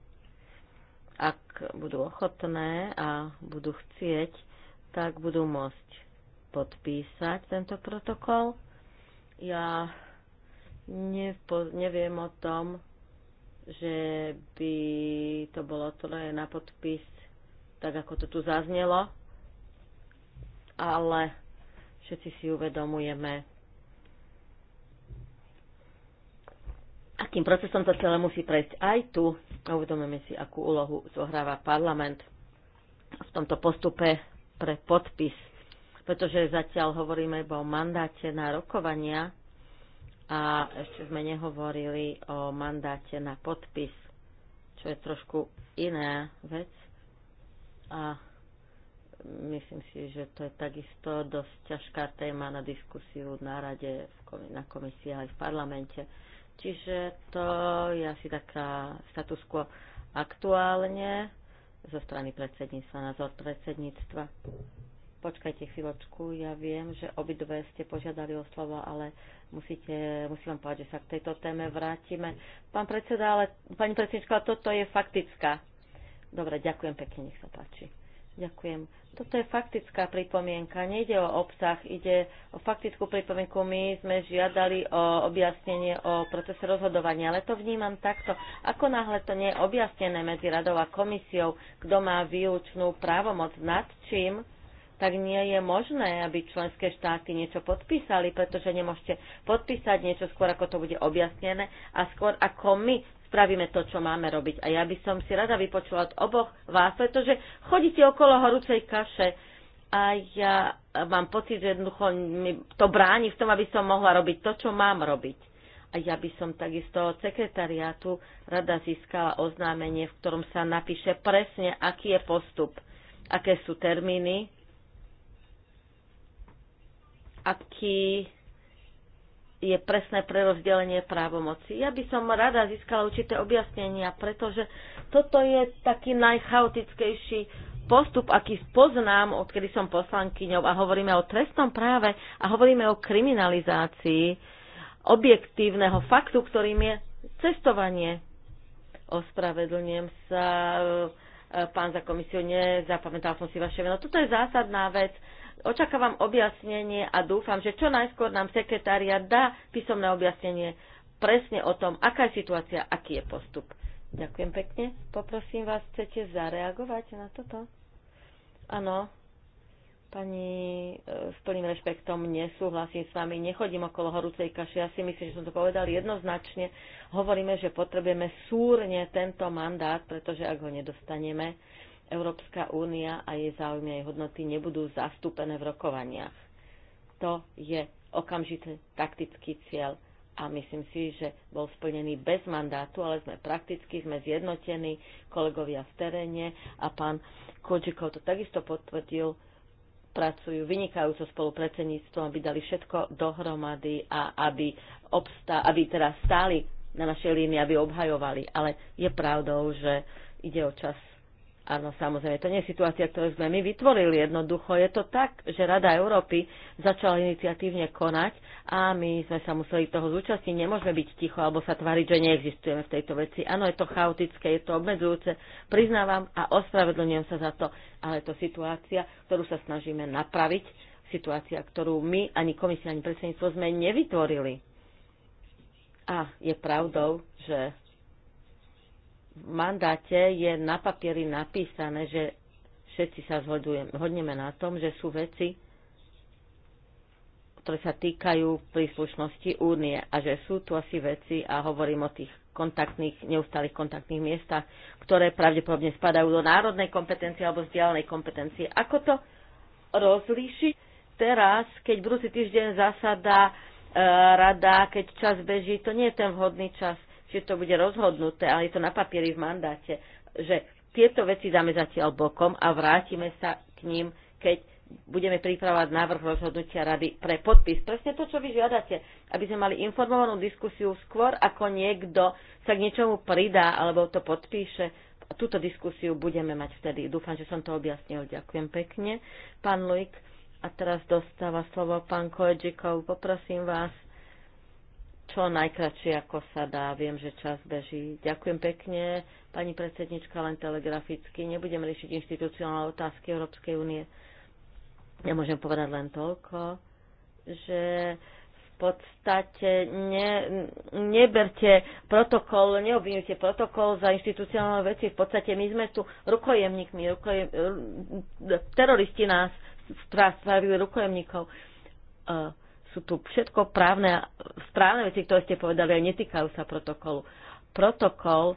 Ak budú ochotné a budú chcieť, tak budú môcť podpísať tento protokol. Ja nepo, neviem o tom, že by to bolo troje na podpis, tak ako to tu zaznelo, ale všetci si uvedomujeme, akým procesom to celé musí prejsť aj tu. Uvedomujeme si, akú úlohu zohráva parlament v tomto postupe pre podpis, pretože zatiaľ hovoríme iba o mandáte na rokovania a ešte sme nehovorili o mandáte na podpis, čo je trošku iná vec. A myslím si, že to je takisto dosť ťažká téma na diskusiu na rade, na komisii aj v parlamente Čiže to je asi taká status quo aktuálne zo strany predsedníctva, názor predsedníctva. Počkajte chvíľočku, ja viem, že obidve ste požiadali o slovo, ale musíte, musím vám povedať, že sa k tejto téme vrátime. Pán predseda, ale pani predsednička, toto je faktická. Dobre, ďakujem pekne, nech sa páči. Ďakujem. Toto je faktická pripomienka. Nejde o obsah, ide o faktickú pripomienku. My sme žiadali o objasnenie o procese rozhodovania, ale to vnímam takto. Ako náhle to nie je objasnené medzi radou a komisiou, kto má výlučnú právomoc nad čím, tak nie je možné, aby členské štáty niečo podpísali, pretože nemôžete podpísať niečo skôr, ako to bude objasnené a skôr ako my spravíme to, čo máme robiť. A ja by som si rada vypočula od oboch vás, pretože chodíte okolo horúcej kaše a ja mám pocit, že jednoducho mi to bráni v tom, aby som mohla robiť to, čo mám robiť. A ja by som takisto od sekretariátu rada získala oznámenie, v ktorom sa napíše presne, aký je postup, aké sú termíny, aký je presné prerozdelenie právomoci. Ja by som rada získala určité objasnenia, pretože toto je taký najchaotickejší postup, aký poznám, odkedy som poslankyňou a hovoríme o trestnom práve a hovoríme o kriminalizácii objektívneho faktu, ktorým je cestovanie. Ospravedlňujem sa, e, pán za komisiu, nezapamätal som si vaše meno. Toto je zásadná vec Očakávam objasnenie a dúfam, že čo najskôr nám sekretária dá písomné objasnenie presne o tom, aká je situácia, aký je postup. Ďakujem pekne. Poprosím vás, chcete zareagovať na toto? Áno. Pani, e, s plným rešpektom nesúhlasím s vami, nechodím okolo horúcej kaše. Ja si myslím, že som to povedal jednoznačne. Hovoríme, že potrebujeme súrne tento mandát, pretože ak ho nedostaneme, Európska únia a jej záujmy a jej hodnoty nebudú zastúpené v rokovaniach. To je okamžitý taktický cieľ a myslím si, že bol splnený bez mandátu, ale sme prakticky, sme zjednotení, kolegovia v teréne a pán Kočikov to takisto potvrdil, pracujú vynikajúco spolu predsedníctvom, aby dali všetko dohromady a aby, obsta- aby teraz stáli na našej línii, aby obhajovali. Ale je pravdou, že ide o čas Áno, samozrejme, to nie je situácia, ktorú sme my vytvorili jednoducho. Je to tak, že Rada Európy začala iniciatívne konať a my sme sa museli toho zúčastniť. Nemôžeme byť ticho alebo sa tváriť, že neexistujeme v tejto veci. Áno, je to chaotické, je to obmedzujúce, priznávam a ospravedlňujem sa za to, ale je to situácia, ktorú sa snažíme napraviť, situácia, ktorú my, ani komisia, ani predsedníctvo sme nevytvorili. A je pravdou, že mandáte je na papieri napísané, že všetci sa zhodneme na tom, že sú veci, ktoré sa týkajú príslušnosti únie a že sú tu asi veci a hovorím o tých kontaktných, neustálých kontaktných miestach, ktoré pravdepodobne spadajú do národnej kompetencie alebo vzdialenej kompetencie. Ako to rozlíšiť teraz, keď budúci týždeň zasada e, rada, keď čas beží, to nie je ten vhodný čas čiže to bude rozhodnuté, ale je to na papieri v mandáte, že tieto veci dáme zatiaľ bokom a vrátime sa k ním, keď budeme pripravovať návrh rozhodnutia rady pre podpis. Presne to, čo vy žiadate, aby sme mali informovanú diskusiu skôr, ako niekto sa k niečomu pridá alebo to podpíše. Túto diskusiu budeme mať vtedy. Dúfam, že som to objasnil. Ďakujem pekne. Pán Luik, a teraz dostáva slovo pán Koedžikov. Poprosím vás čo najkračšie, ako sa dá. Viem, že čas beží. Ďakujem pekne, pani predsednička, len telegraficky. Nebudem riešiť inštitucionálne otázky Európskej únie. Ja môžem povedať len toľko, že v podstate ne, neberte protokol, neobvinujte protokol za inštitucionálne veci. V podstate my sme tu rukojemníkmi, rukojem, teroristi nás spravujú rukojemníkov. Uh, sú tu všetko právne, správne veci, ktoré ste povedali, a netýkajú sa protokolu. Protokol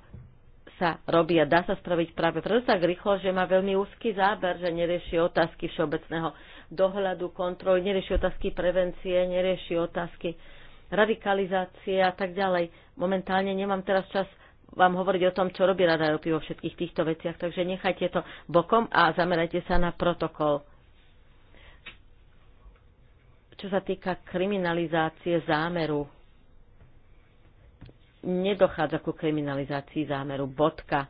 sa robí a dá sa spraviť práve preto tak rýchlo, že má veľmi úzky záber, že nerieši otázky všeobecného dohľadu, kontroly, nerieši otázky prevencie, nerieši otázky radikalizácie a tak ďalej. Momentálne nemám teraz čas vám hovoriť o tom, čo robí Rada Európy vo všetkých týchto veciach, takže nechajte to bokom a zamerajte sa na protokol čo sa týka kriminalizácie zámeru, nedochádza ku kriminalizácii zámeru bodka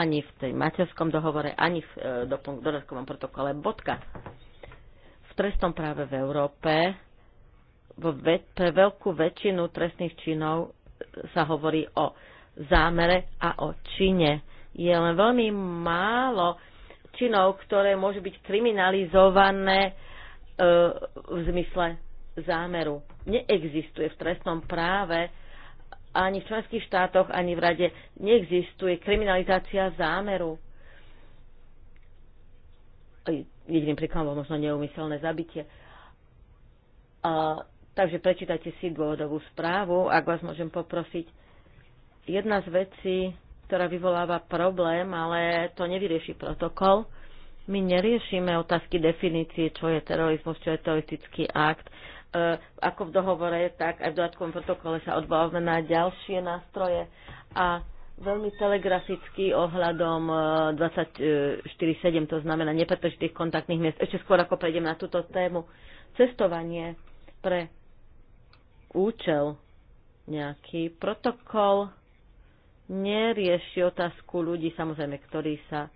ani v tej materskom dohovore, ani v e, dodatkovom protokole bodka. V trestnom práve v Európe vo ve, pre veľkú väčšinu trestných činov sa hovorí o zámere a o čine. Je len veľmi málo činov, ktoré môžu byť kriminalizované E, v zmysle zámeru. Neexistuje v trestnom práve ani v členských štátoch, ani v rade neexistuje kriminalizácia zámeru. Jediným príkladom bolo možno neumyselné zabitie. A, takže prečítajte si dôvodovú správu, ak vás môžem poprosiť. Jedna z vecí, ktorá vyvoláva problém, ale to nevyrieši protokol, my neriešime otázky definície, čo je terorizmus, čo je teroristický akt. E, ako v dohovore, tak aj v dodatkovom protokole sa odbávame na ďalšie nástroje. A veľmi telegraficky ohľadom 24-7, e, to znamená nepretržitých kontaktných miest. Ešte skôr ako prejdem na túto tému, cestovanie pre účel nejaký protokol nerieši otázku ľudí, samozrejme, ktorí sa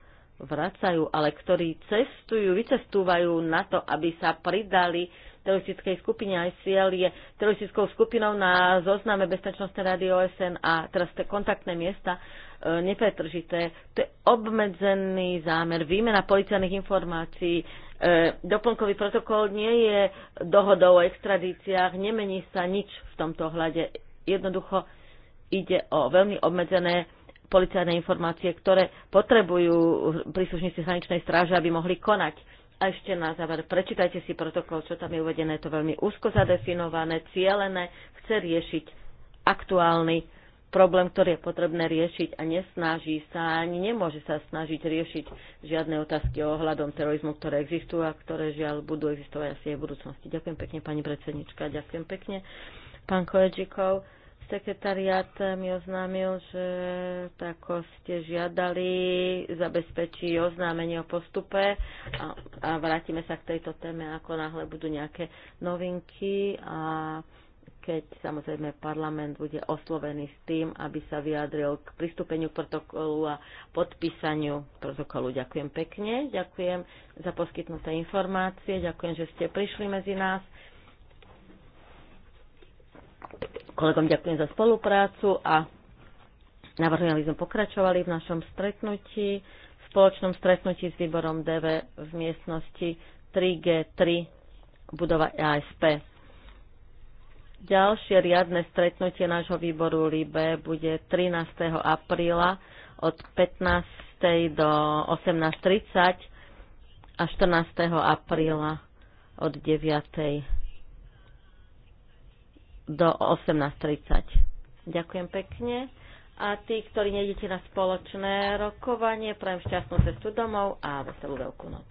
vracajú, ale ktorí cestujú, vycestúvajú na to, aby sa pridali teroristickej skupine ICL je teroristickou skupinou na zozname Bezpečnostnej rady OSN a teraz tie kontaktné miesta e, nepretržité. To je obmedzený zámer, výmena policajných informácií, e, doplnkový protokol nie je dohodou o extradíciách, nemení sa nič v tomto ohľade. Jednoducho ide o veľmi obmedzené policajné informácie, ktoré potrebujú príslušníci hraničnej stráže, aby mohli konať. A ešte na záver, prečítajte si protokol, čo tam je uvedené, je to veľmi úzko zadefinované, cielené, chce riešiť aktuálny problém, ktorý je potrebné riešiť a nesnaží sa, ani nemôže sa snažiť riešiť žiadne otázky ohľadom terorizmu, ktoré existujú a ktoré žiaľ budú existovať asi aj v budúcnosti. Ďakujem pekne, pani predsednička, ďakujem pekne, pán Koedžikov. Sekretariat mi oznámil, že tak ste žiadali, zabezpečí oznámenie o postupe a, a vrátime sa k tejto téme, ako náhle budú nejaké novinky a keď samozrejme parlament bude oslovený s tým, aby sa vyjadril k pristúpeniu protokolu a podpísaniu protokolu. Ďakujem pekne, ďakujem za poskytnuté informácie, ďakujem, že ste prišli medzi nás Kolegom ďakujem za spoluprácu a navrhujem, aby sme pokračovali v našom stretnutí, v spoločnom stretnutí s výborom DV v miestnosti 3G3 budova ASP. Ďalšie riadne stretnutie nášho výboru LIBE bude 13. apríla od 15. do 18.30 a 14. apríla od 9 do 18.30. Ďakujem pekne. A tí, ktorí nejdete na spoločné rokovanie, prajem šťastnú cestu domov a veselú veľkú noc.